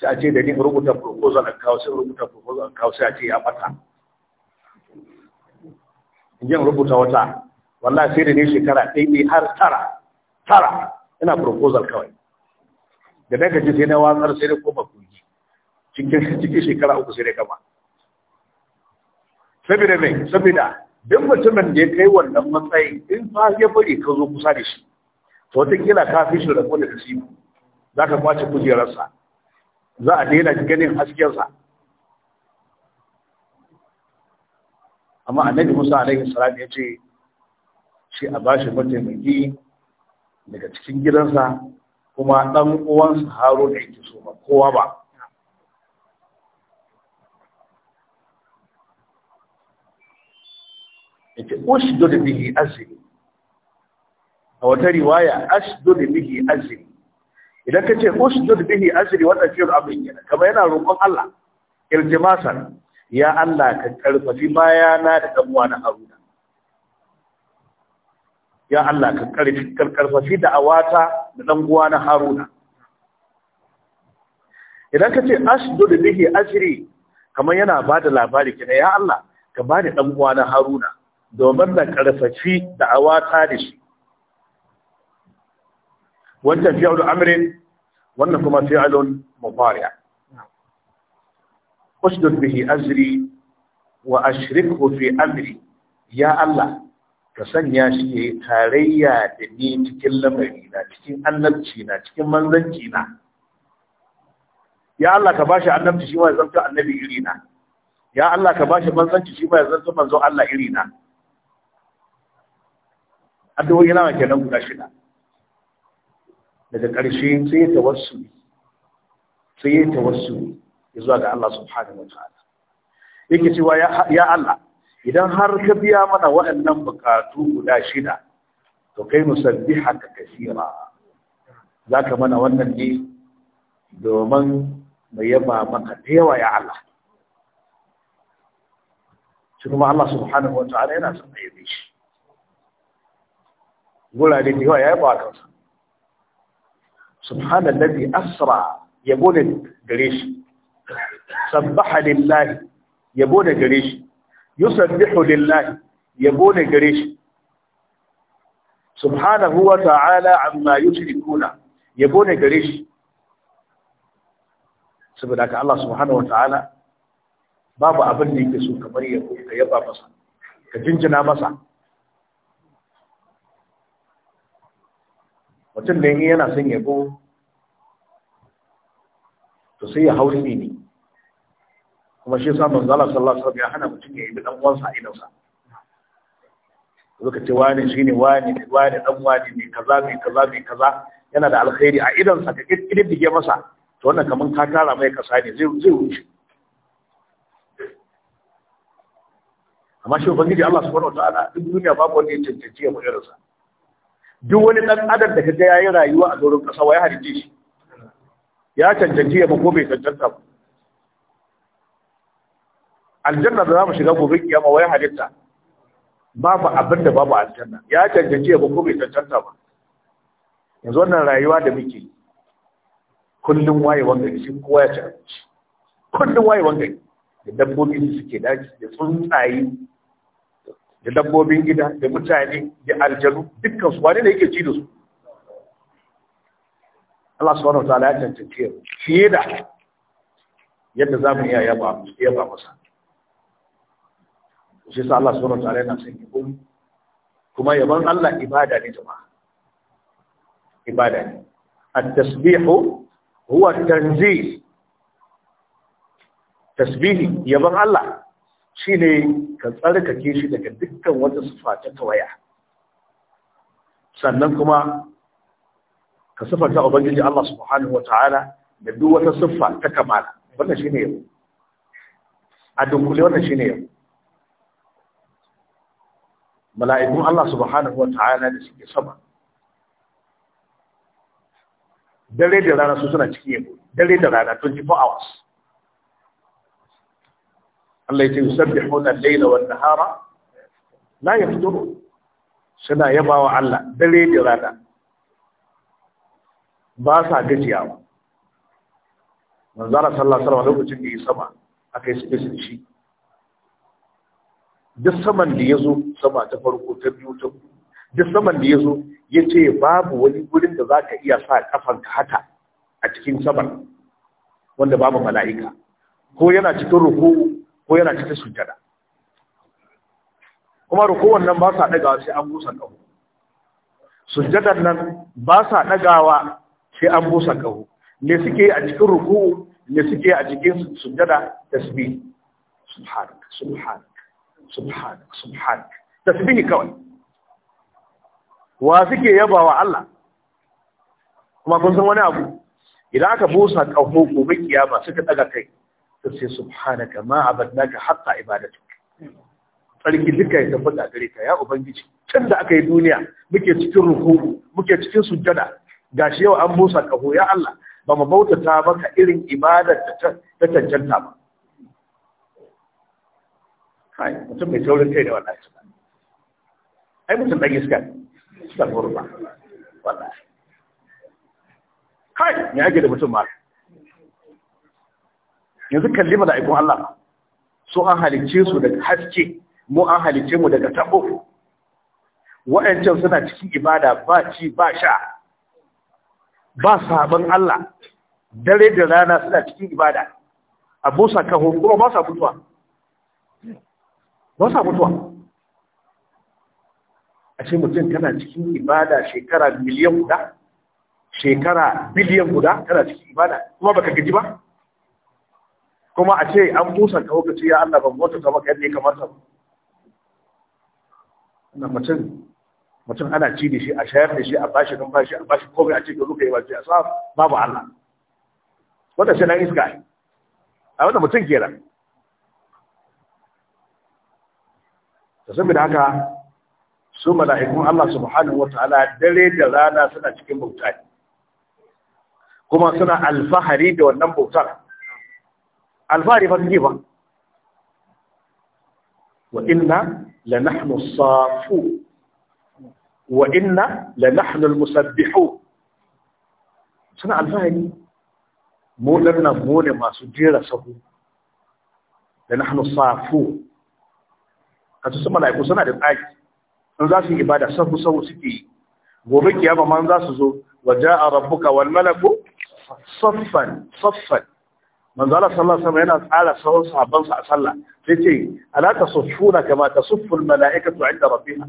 sai a ce da ni rubuta proposal a kawo sai rubuta proposal a kawo sai a ce ya mata yin rubuta wata wallah sai da ne shekara ɗaya ne har tara tara ina proposal kawai da na gaji sai na watsar sai da koma kogi cikin shekara uku sai da gama saboda mai saboda duk mutumin da ya kai wannan matsayin in fa ya bari ka zo kusa da shi to wata ka fi shi da rabu da shi za ka kwace kujerarsa za a daina ganin haskensa amma annabi musa alaihi salam ya ce shi a ba bashi mataimaki daga cikin gidansa kuma ɗan uwansa haro da yake so ba kowa ba ushdud bihi azri a wata riwaya ashdud bihi azri idan ka ce ushdud bihi azri wannan fi'il abin kenan kamar yana roƙon Allah iltimasan ya Allah ka karfafi bayana da dan uwana Haruna ya Allah ka karfafi da awata da dan uwana Haruna idan ka ce ashdud bihi ajri kamar yana bada labari kina ya Allah ka bani dan uwana Haruna domin na karfafi da'awa ta da shi wancan fi'lu amirin wannan kuma fi'lun mudari'a usdud bihi azri wa ashrikhu fi amiri ya Allah ka sanya shi ya yi tarayya da ni cikin lamari na cikin annabci na cikin manzanci na ya Allah ka ba shi annabci shi ma ya zanto annabi iri na ya Allah ka ba shi manzanci shi ma ya zanto manzo Allah iri na addu'o'i nawa kenan guda shida daga ƙarshe sai ya wasu, sai ya wasu ya zuwa ga Allah subhanahu wataala yake cewa ya Allah idan har ka biya mana waɗannan bukatu guda shida to kai musabbihaka kasira zaka mana wannan ne domin mu yaba maka da yawa ya Allah shi kuma Allah subhanahu wataala yana son ya yabe shi gurare da yawa ya yaba kansa subhanallazi asra yabo da gare shi sabbaha lillahi yabo da gare shi yusabbihu lillahi yabo da gare shi subhanahu wa ta'ala amma yushrikuna yabo da gare shi saboda ka Allah subhanahu wa ta'ala babu abin da yake so kamar yabo ka yaba masa ka jinjina masa mutum da yana son yabo to sai ya hau ne kuma shi sa manzo Allah sallallahu alaihi wasallam ya hana mutum ya yi dan uwansa idansa sa ce wani shine wani ne wani dan wani ne kaza ne kaza ne kaza yana da alkhairi a idan sa ka ke masa to wannan kaman ka tara mai kasa ne zai zai wuce amma shi ubangiji Allah subhanahu wataala duk duniya babu wanda ya cancanci ya mu irinsa duk wani ɗan adam da kaga yayi rayuwa a doron ƙasa wa ya halice shi ya cancanci ya ko bai cancanta ba aljanna da zamu shiga gobe kiyama wa ya halitta babu abin da babu aljanna ya cancanci ya ko bai cancanta ba yanzu wannan rayuwa da muke kullum wayewan gari shi kowa ya ci abinci kullum wayewan gari da dabbobi suke daji da tsuntsaye da dabbobin gida da mutane da aljanu dukkan su wane ne yake ci da su Allah subhanahu wataala ya cancanci yau fiye da yadda za mu iya yaba yaba masa shi sa Allah subhanahu wataala yana son yabo kuma yaban Allah ibada ne jama'a ibada ne at-tasbihu huwa tanzih tasbihi yaban Allah shine ka tsarkake shi daga dukkan wata sufa ta tawaya sannan kuma ka sifanta ubangiji Allah subhanahu wa ta'ala da duk wata siffa ta kamala wannan shine yau a dunkule wannan shine yau mala'ikun Allah subhanahu wa ta'ala da suke sama dare da rana su suna cikin yabo dare da rana 24 hours Allah ya ce yusabbihuna al-layla wan nahara la yaftur suna yabawa Allah dare da rana ba gajiyawa manzara sallallahu lokacin da ya sama akai space shi duk saman da yazo sama ta farko ta biyu ta duk saman da yazo yace babu wani gurin da zaka iya sa kafanka haka a cikin saman wanda babu mala'ika ko yana cikin ruku ko yana cikin sujjada kuma rukuwan nan ba sa ɗagawa sai an busa ƙaho sujjadar nan ba sa ɗagawa sai an busa ƙaho me suke a cikin ruku'u me suke a cikin sujjada tasbih subhanak subhanak subhanak subhanak tasbih kawai wa suke yaba wa Allah kuma kun san wani abu idan aka busa ƙaho gobe kiyama suka ɗaga kai ta ce subhanaka ma abadnaka haqqa ibadatu Tsarki duka ya tabbata gare ka ya ubangiji can da aka yi duniya muke cikin ruku muke cikin sujjada gashi yau an busa kaho ya Allah ba mu bautata maka irin ibadar ta cancanta ba kai mutum mai saurin kai da wannan su ai mutum dan iska suka ba wallahi kai me ake da mutum ma yanzu kalli mala'ikun Allah su an halicce su daga haske mu an halicce mu daga tabo wa'ancan suna cikin ibada ba ci ba sha ba sabon Allah dare da rana suna cikin ibada a busa kaho kuma ba sa mutuwa ba sa mutuwa a ce mutum tana cikin ibada shekara miliyan guda shekara biliyan guda tana cikin ibada kuma baka gaji ba kuma a ce an busa ta hukunci ya Allah ban mota ta maka yadda kamata ba na mutum mutum ana ci da shi a shayar da shi a bashi don bashi a bashi komai a ce ka zuka yi ba a sa babu Allah wanda shi nan iska a wanda mutum kenan da saboda haka su mala'ikun Allah subhanahu wata'ala dare da rana suna cikin bauta kuma suna alfahari da wannan bautar alfahari fa suke ba wa inna la nahnu safu wa inna la nahnu almusabbihu suna alfahari mu na mu ne masu jera sahu da nahnu safu a su mala'iku suna da tsaki in za su yi ibada sahu sahu suke yi gobe kiyama man za su zo wa ja'a rabbuka wal malaku saffan saffan manzala sallallahu alaihi wasallam yana tsara sahun sa a sallah sai ce ala tasuffuna kama tasuffu almalaikatu inda rabbiha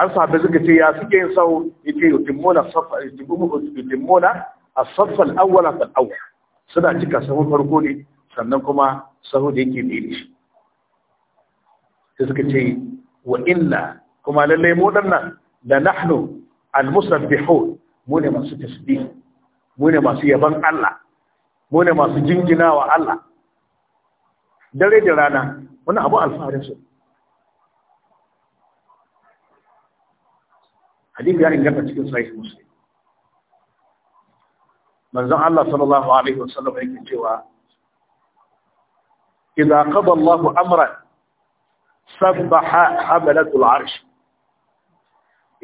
har sahabbai suka ce ya suke yin sahu yace yutimmuna safa yutimmuna as-saff al-awwal fal-awwal suna cika sahun farko ne sannan kuma sahu da yake bi shi sai suka ce wa inna kuma lalle mu dannan la nahnu al-musabbihun mu ne masu tasbih mu ne masu yaban Allah mu ne masu jingina wa Allah dare da rana wani abu alfaharin su hadisi ya inganta cikin sahih muslim manzon Allah sallallahu alaihi wasallam yake cewa idza qada Allah amran sabbaha hamalatul arsh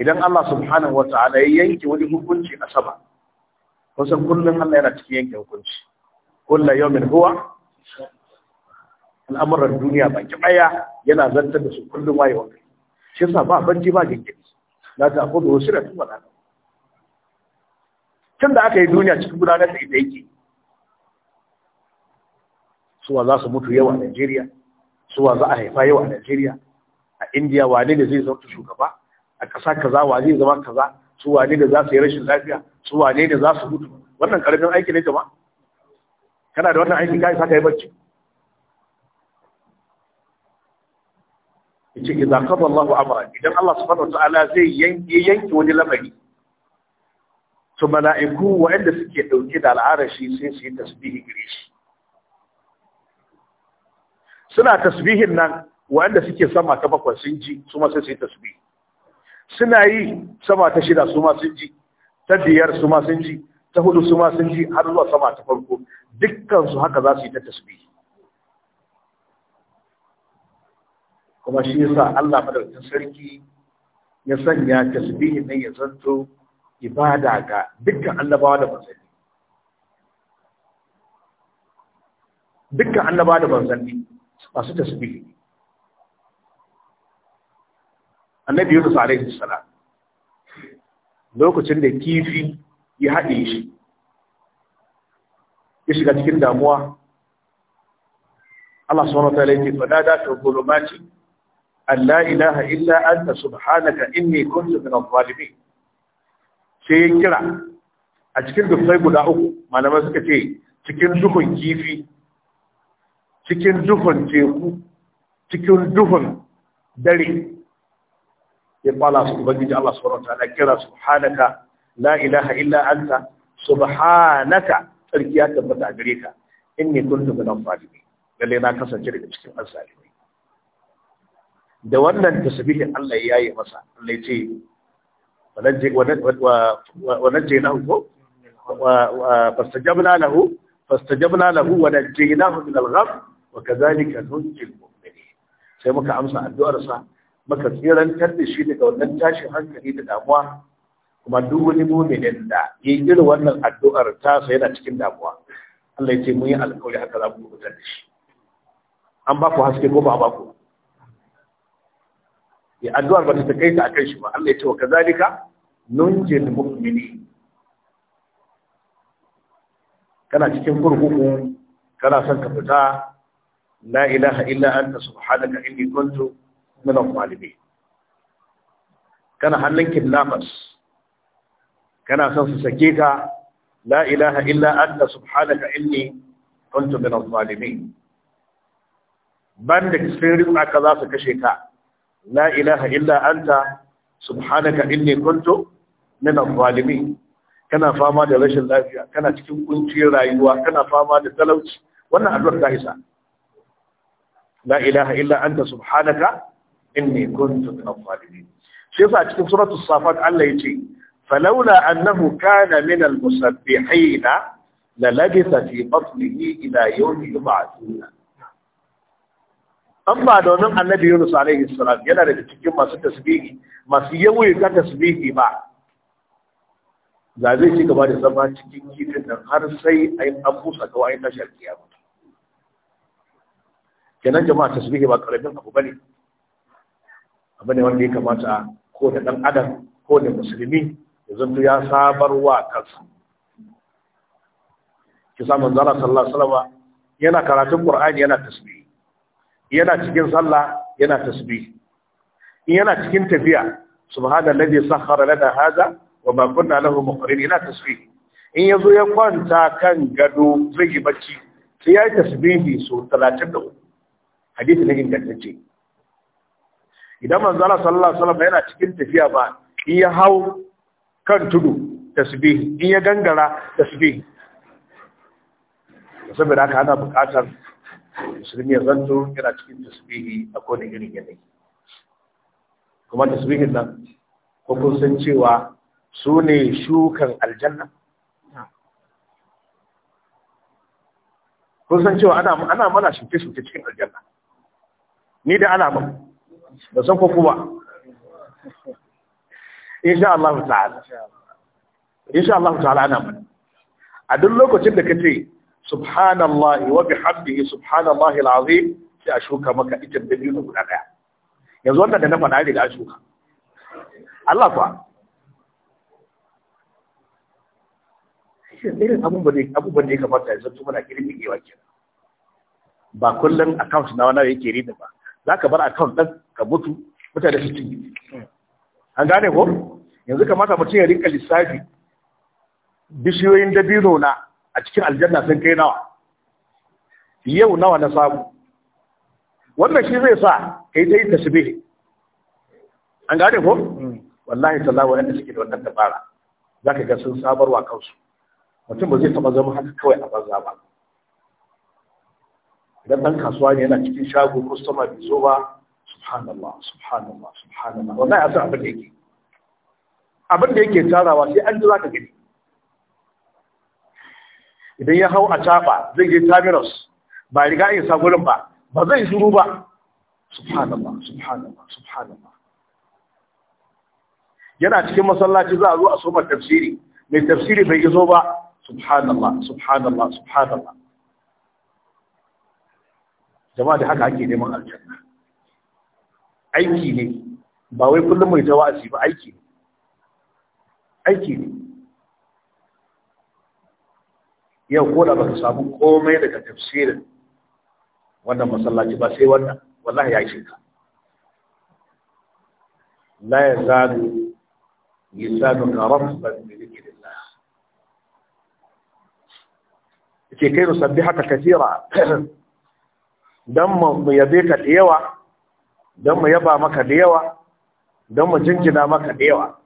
idan Allah subhanahu wataala ya yanke wani hukunci a sama kusan kullum Allah yana cikin yanke hukunci kulla yawmin huwa al'amuran duniya baki daya yana zantar da su kullum wayewa shi yasa ba banji ba gingiri la ta kudu wasira tun wala tun da aka yi duniya cikin gudanar da ita yake suwa za su mutu yau a Najeriya suwa za a haifa yau a Najeriya a Indiya wane ne zai zauta shugaba a ƙasa kaza wane zai zama kaza su wane ne za su yi rashin lafiya su wane ne za su mutu wannan karamin aiki ne jama'a kana da wannan aikin kai saka yi bacci yace idza qada Allah amran idan Allah subhanahu wataala zai yanke yanke wani lamari to mala'iku wanda suke dauke da al'arashi sai su yi tasbihi gare shi suna tasbihin nan wanda suke sama ta bakwai sun ji su ma sai su yi tasbihi suna yi sama ta shida su ma sun ji ta biyar su ma sun ji ta hudu su ma sun ji har zuwa sama ta farko dukkan su haka za su yi ta tasbihi kuma shi yasa Allah madaukakin sarki ya sanya tasbihi ne ya zanto ibada ga dukkan annabawa da manzanni dukkan annabawa da manzanni masu tasbihi annabi yusuf alaihi salam lokacin da kifi ya haɗe shi ya shiga cikin damuwa Allah subhanahu wa ta'ala yake fada da ta mace." Allah ilaha illa anta subhanaka inni kuntu min adh-dhalimin sai ya kira a cikin dufai guda uku malamai suka ce cikin duhun kifi cikin duhun teku cikin duhun dare ya fala su ubangiji Allah subhanahu wa ta'ala kira subhanaka la ilaha illa anta subhanaka sarki ya tabbata a gare ka In inni kuntu minal zalimin lalle na kasance daga cikin azzalimai da wannan tasbihin Allah ya yi masa Allah ya ce ونجيناه فاستجبنا له فاستجبنا له ونجيناه من الغم وكذلك ننجي المؤمنين sai muka amsa addu'ar sa, muka tsirantar da shi daga wannan tashin hankali da damuwa kuma duk wani muminin da ya yi irin wannan addu'ar tasa yana cikin damuwa Allah ya ce mun yi alƙawari haka za mu rubuta da shi an ba ku haske ko ba ba ku ya addu'ar ba ta kai ta akan shi ba Allah ya ce wa kazalika nunjil mu'mini kana cikin kurkuku kana son ka fita la ilaha illa anta subhanaka inni kuntu min al-zalimin kana hannun kidnappers kana son su sake ka la ilaha illa anta subhanaka inni kuntu min banda ka za su kashe ka la ilaha illa anta subhanaka inni kuntu min kana fama da rashin lafiya kana cikin kunciyar rayuwa kana fama da talauci wannan addu'ar ta isa la ilaha illa anta subhanaka inni kuntu min shi yasa cikin suratul safat Allah ya ce. falaula annahu kana min al-musabbihin la labisa fi batnihi ila yawmi yub'athuna an ba domin annabi Yunus alaihi salam yana daga cikin masu tasbihi masu yawaye ta tasbihi ba za zai ci gaba da zama cikin kifin nan har sai an busa kawai na sharkiya ba kenan jama'a tasbihi ba karamin abu bane abu ne wanda ya kamata ko da dan adam ko da musulmi yanzu ya sabar wa kansa ki sa manzo Allah sallallahu alaihi wasallam yana karatun Qur'ani yana tasbih yana cikin sallah yana tasbih yana cikin tafiya subhanallazi sakhara lana hadha wa ma kunna lahu muqrinin yana tasbih in yazo ya kwanta kan gado zai bacci sai ya tasbihi so 33 hadisi ne ingantacce idan manzo Allah sallallahu alaihi wasallam yana cikin tafiya ba in ya hau kan tudu tasbih in ya gangara tasbih saboda haka ana buƙatar musulmi ya zanto yana cikin tasbihi a kowane irin yanayi kuma tasbihin nan ko kun san cewa su ne shukan aljanna kun san cewa ana mana shuke-shuke cikin aljanna ni da alamun da san ko kuma sha Allah ta'ala sha Allah ta'ala ana mun a duk lokacin da kace subhanallahi wa bihamdihi subhanallahi alazim sai a shuka maka ita da biyu guda daya yanzu wannan da na faɗa ne da shuka Allah fa irin abubuwan da ya kamata ya zanto mana girmi yawa kenan ba kullum account na wani yake riba ba za ka bar account ɗan ka mutu mutane su ci. an gane ko yanzu kamata mutum ya rinka lissafi bishiyoyin dabino na a cikin aljanna sun kai nawa yau nawa na samu wannan shi zai sa kai ta yi tasbih an gane ko hmm. wallahi tallahi wanda suke da wannan dabara zaka ga sun sabarwa kansu mutum ba zai taba zama haka kawai a banza ba idan ɗan kasuwa ne yana cikin shago customer bai zo ba subhanallah subhanallah subhanallah san abin da yake abin tarawa sai an ji zaka gani idan ya hau a zai je terminus ba riga in sa gurin ba ba zai ba yana cikin masallaci za a zo a soma tafsiri mai tafsiri bai zo ba jama'a da haka ake neman aljanna aiki ne ba wai kullum mai ta wa'azi ba aiki ne aiki ne yau ko da baka samu komai daga tafsirin wannan masallaci ba sai wannan wallahi ya yi shirka la ya zalu lisanu ka rabban bi dhikrillah ke kai haka kathira dan mu yabe ka da yawa don mu yaba maka da yawa don mu jinjina maka da yawa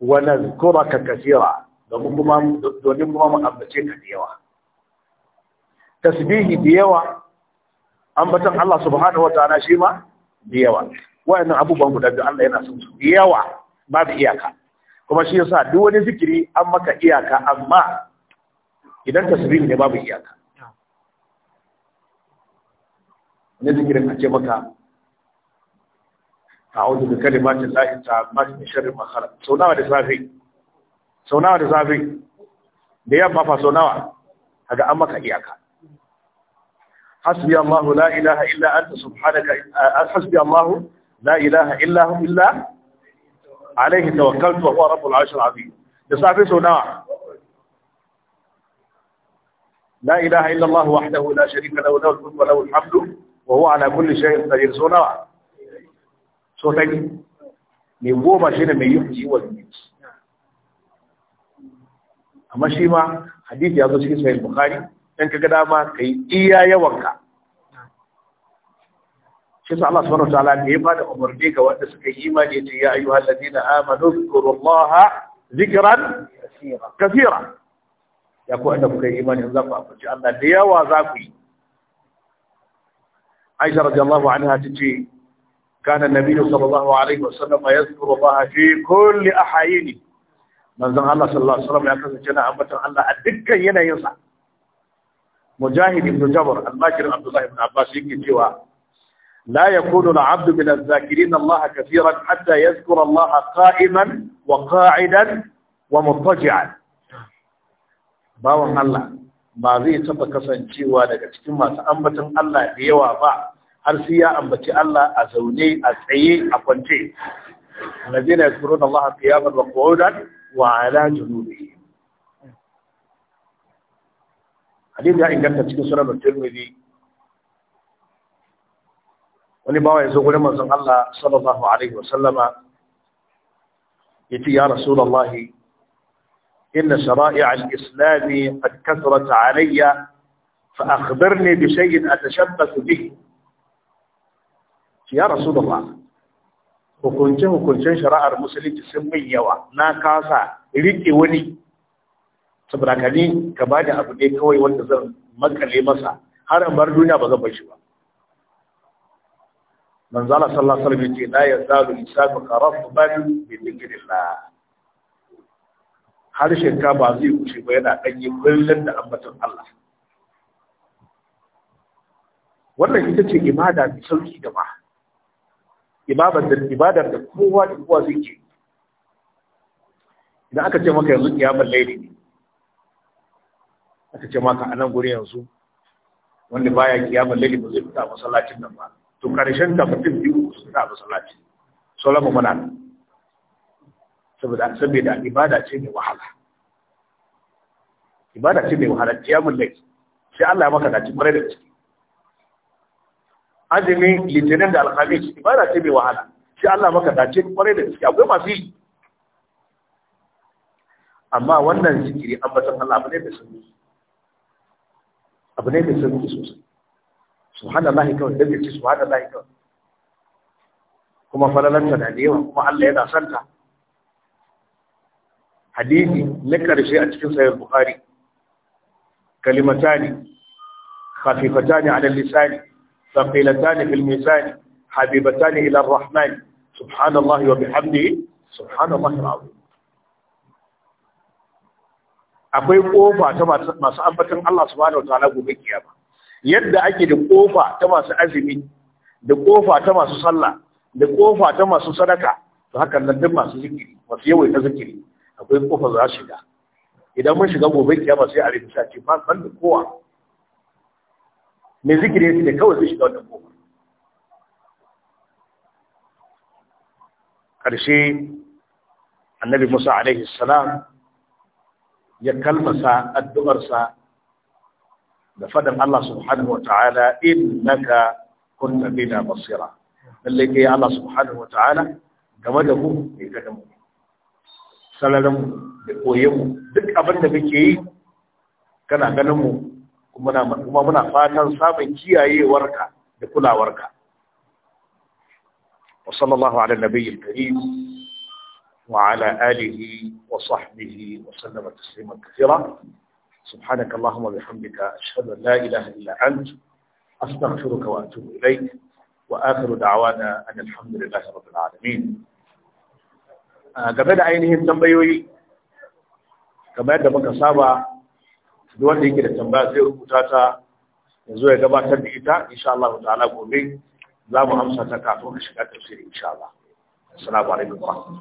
wa nazkuraka ka domin kuma domin kuma mu ambace ka da yawa tasbihi da yawa ambatan Allah subhanahu ta'ala shi ma da yawa wayannan abubuwan guda biyu Allah yana son su da yawa babu iyaka kuma shi yasa duk wani zikiri an maka iyaka amma idan tasbihi ne babu iyaka wani zikirin ake maka a auzu da kalimatin lahi ta matin sharri makara sau nawa da safe sau nawa da safe da yamma fa sau nawa kaga an maka iyaka hasbi allahu la ilaha illa anta subhanaka eh, hasbi allahu la ilaha illa hu illa alaihi tawakkaltu wa huwa rabbul arshil da safe sau nawa لا إله إلا الله وحده لا شريك له له الملك وله الحمد wa ana ala kulli shay'in qadir so nawa so dai ne shine mai yuhyi wal yumit amma shi ma hadisi ya zo cikin sahih bukhari dan kaga dama kai iya yawanka shi sa Allah subhanahu wataala ne ya bada umarni ga wanda suka yi imani ce ya ayyuhal ladina amanu zkurullaha zikran kaseera ya ku anda ku yi imani za ku abuci Allah da yawa za ku yi عائشة رضي الله عنها تجي كان النبي صلى الله عليه وسلم يذكر الله في كل أحايينه من زمان الله صلى الله عليه وسلم يأخذ جنا أمة الله أدك ينا ينسى مجاهد بن جبر الماجر عبد الله بن عباس يكتوى لا يكون العبد من الذاكرين الله كثيرا حتى يذكر الله قائما وقاعدا ومضطجعا باوان الله ba zai taba kasancewa daga cikin masu ambatan Allah da yawa ba har sai ya ambaci Allah a zaune a tsaye a kwance الذين يذكرون الله قياما وقعودا وعلى جنوبهم hadith ya inganta cikin da Tirmidhi wani bawa zo gurin manzon Allah sallallahu alaihi sallama yace ya rasulullahi إن شرائع الإسلام قد كثرت علي فأخبرني بشيء أتشبث به يا رسول الله Hukuncin-hukuncin shari'ar musulunci sun min yawa na kasa riƙe wani saboda ka ni ka ba da abu ne kawai wanda zan makale masa har in bar duniya ba zan bar shi ba manzala sallallahu alaihi wasallam yace la yazalu lisanuka rasban bi dhikrillah harshen ka ba zai wuce ba yana ɗanye kullum da ambatan Allah wannan ita ce ibada mai sauki da ba ibadar da ibadar da kowa da kowa zai ke idan aka ce maka yanzu kiyamar laili ne aka ce maka a nan guri yanzu wanda baya kiyamar laili ba zai fita masallacin nan ba to karshen ta mutum biyu su fita masallacin sauran mu muna saboda saboda ibada ce mai wahala ibada ce mai wahala kiyamul layl sai Allah ya maka dace kwarai da gaske azumin litinin da alhamis ibada ce mai wahala sai Allah maka dace kwarai da gaske akwai masu yi amma wannan zikiri an bata Allah abu ne da sun abu ne da sun sosai subhanallahi kawai da ce subhanallahi kawai kuma falalanta da yawa kuma Allah yana santa hadisi na ƙarshe a cikin sahih Buhari, kalimatani khafifatani ala lisani thaqilatani fil habibatani ila ar-rahman subhanallahi wa bihamdihi subhanallahi al-azim akwai kofa ta masu ambatan Allah subhanahu wataala gobe kiyama yadda ake da kofa ta masu azumi da kofa ta masu sallah da kofa ta masu sadaka to hakan nan duk masu zikiri masu yawaita zikiri akwai kofar za shiga idan mun shiga gobe kiyama sai a rubuta ce ba ban da kowa mai zikiri yake da kawai zai shiga wannan kofar karshe annabi Musa alaihi salam ya kalmasa addu'arsa da fadan Allah subhanahu wata'ala innaka kunta bina basira lalle kai Allah subhanahu wata'ala game da mu ne ka da mu sararin mu da koyen duk abin da muke yi kana ganin mu kuma muna fatan samun kiyayewarka da kulawarka wa sallallahu ala nabiyyil karim wa ala alihi wa sahbihi wa sallama tasliman kathira سبحانك اللهم وبحمدك أشهد أن لا إله إلا أنت أستغفرك وأتوب إليك وآخر دعوانا أن الحمد لله رب العالمين game da ainihin tambayoyi kamar yadda muka saba duk wanda yake da tambaya zai rubuta ta yanzu ya gabatar da ita insha Allah ta'ala gobe za mu amsa ta kafin shiga tafsiri insha Allah assalamu alaikum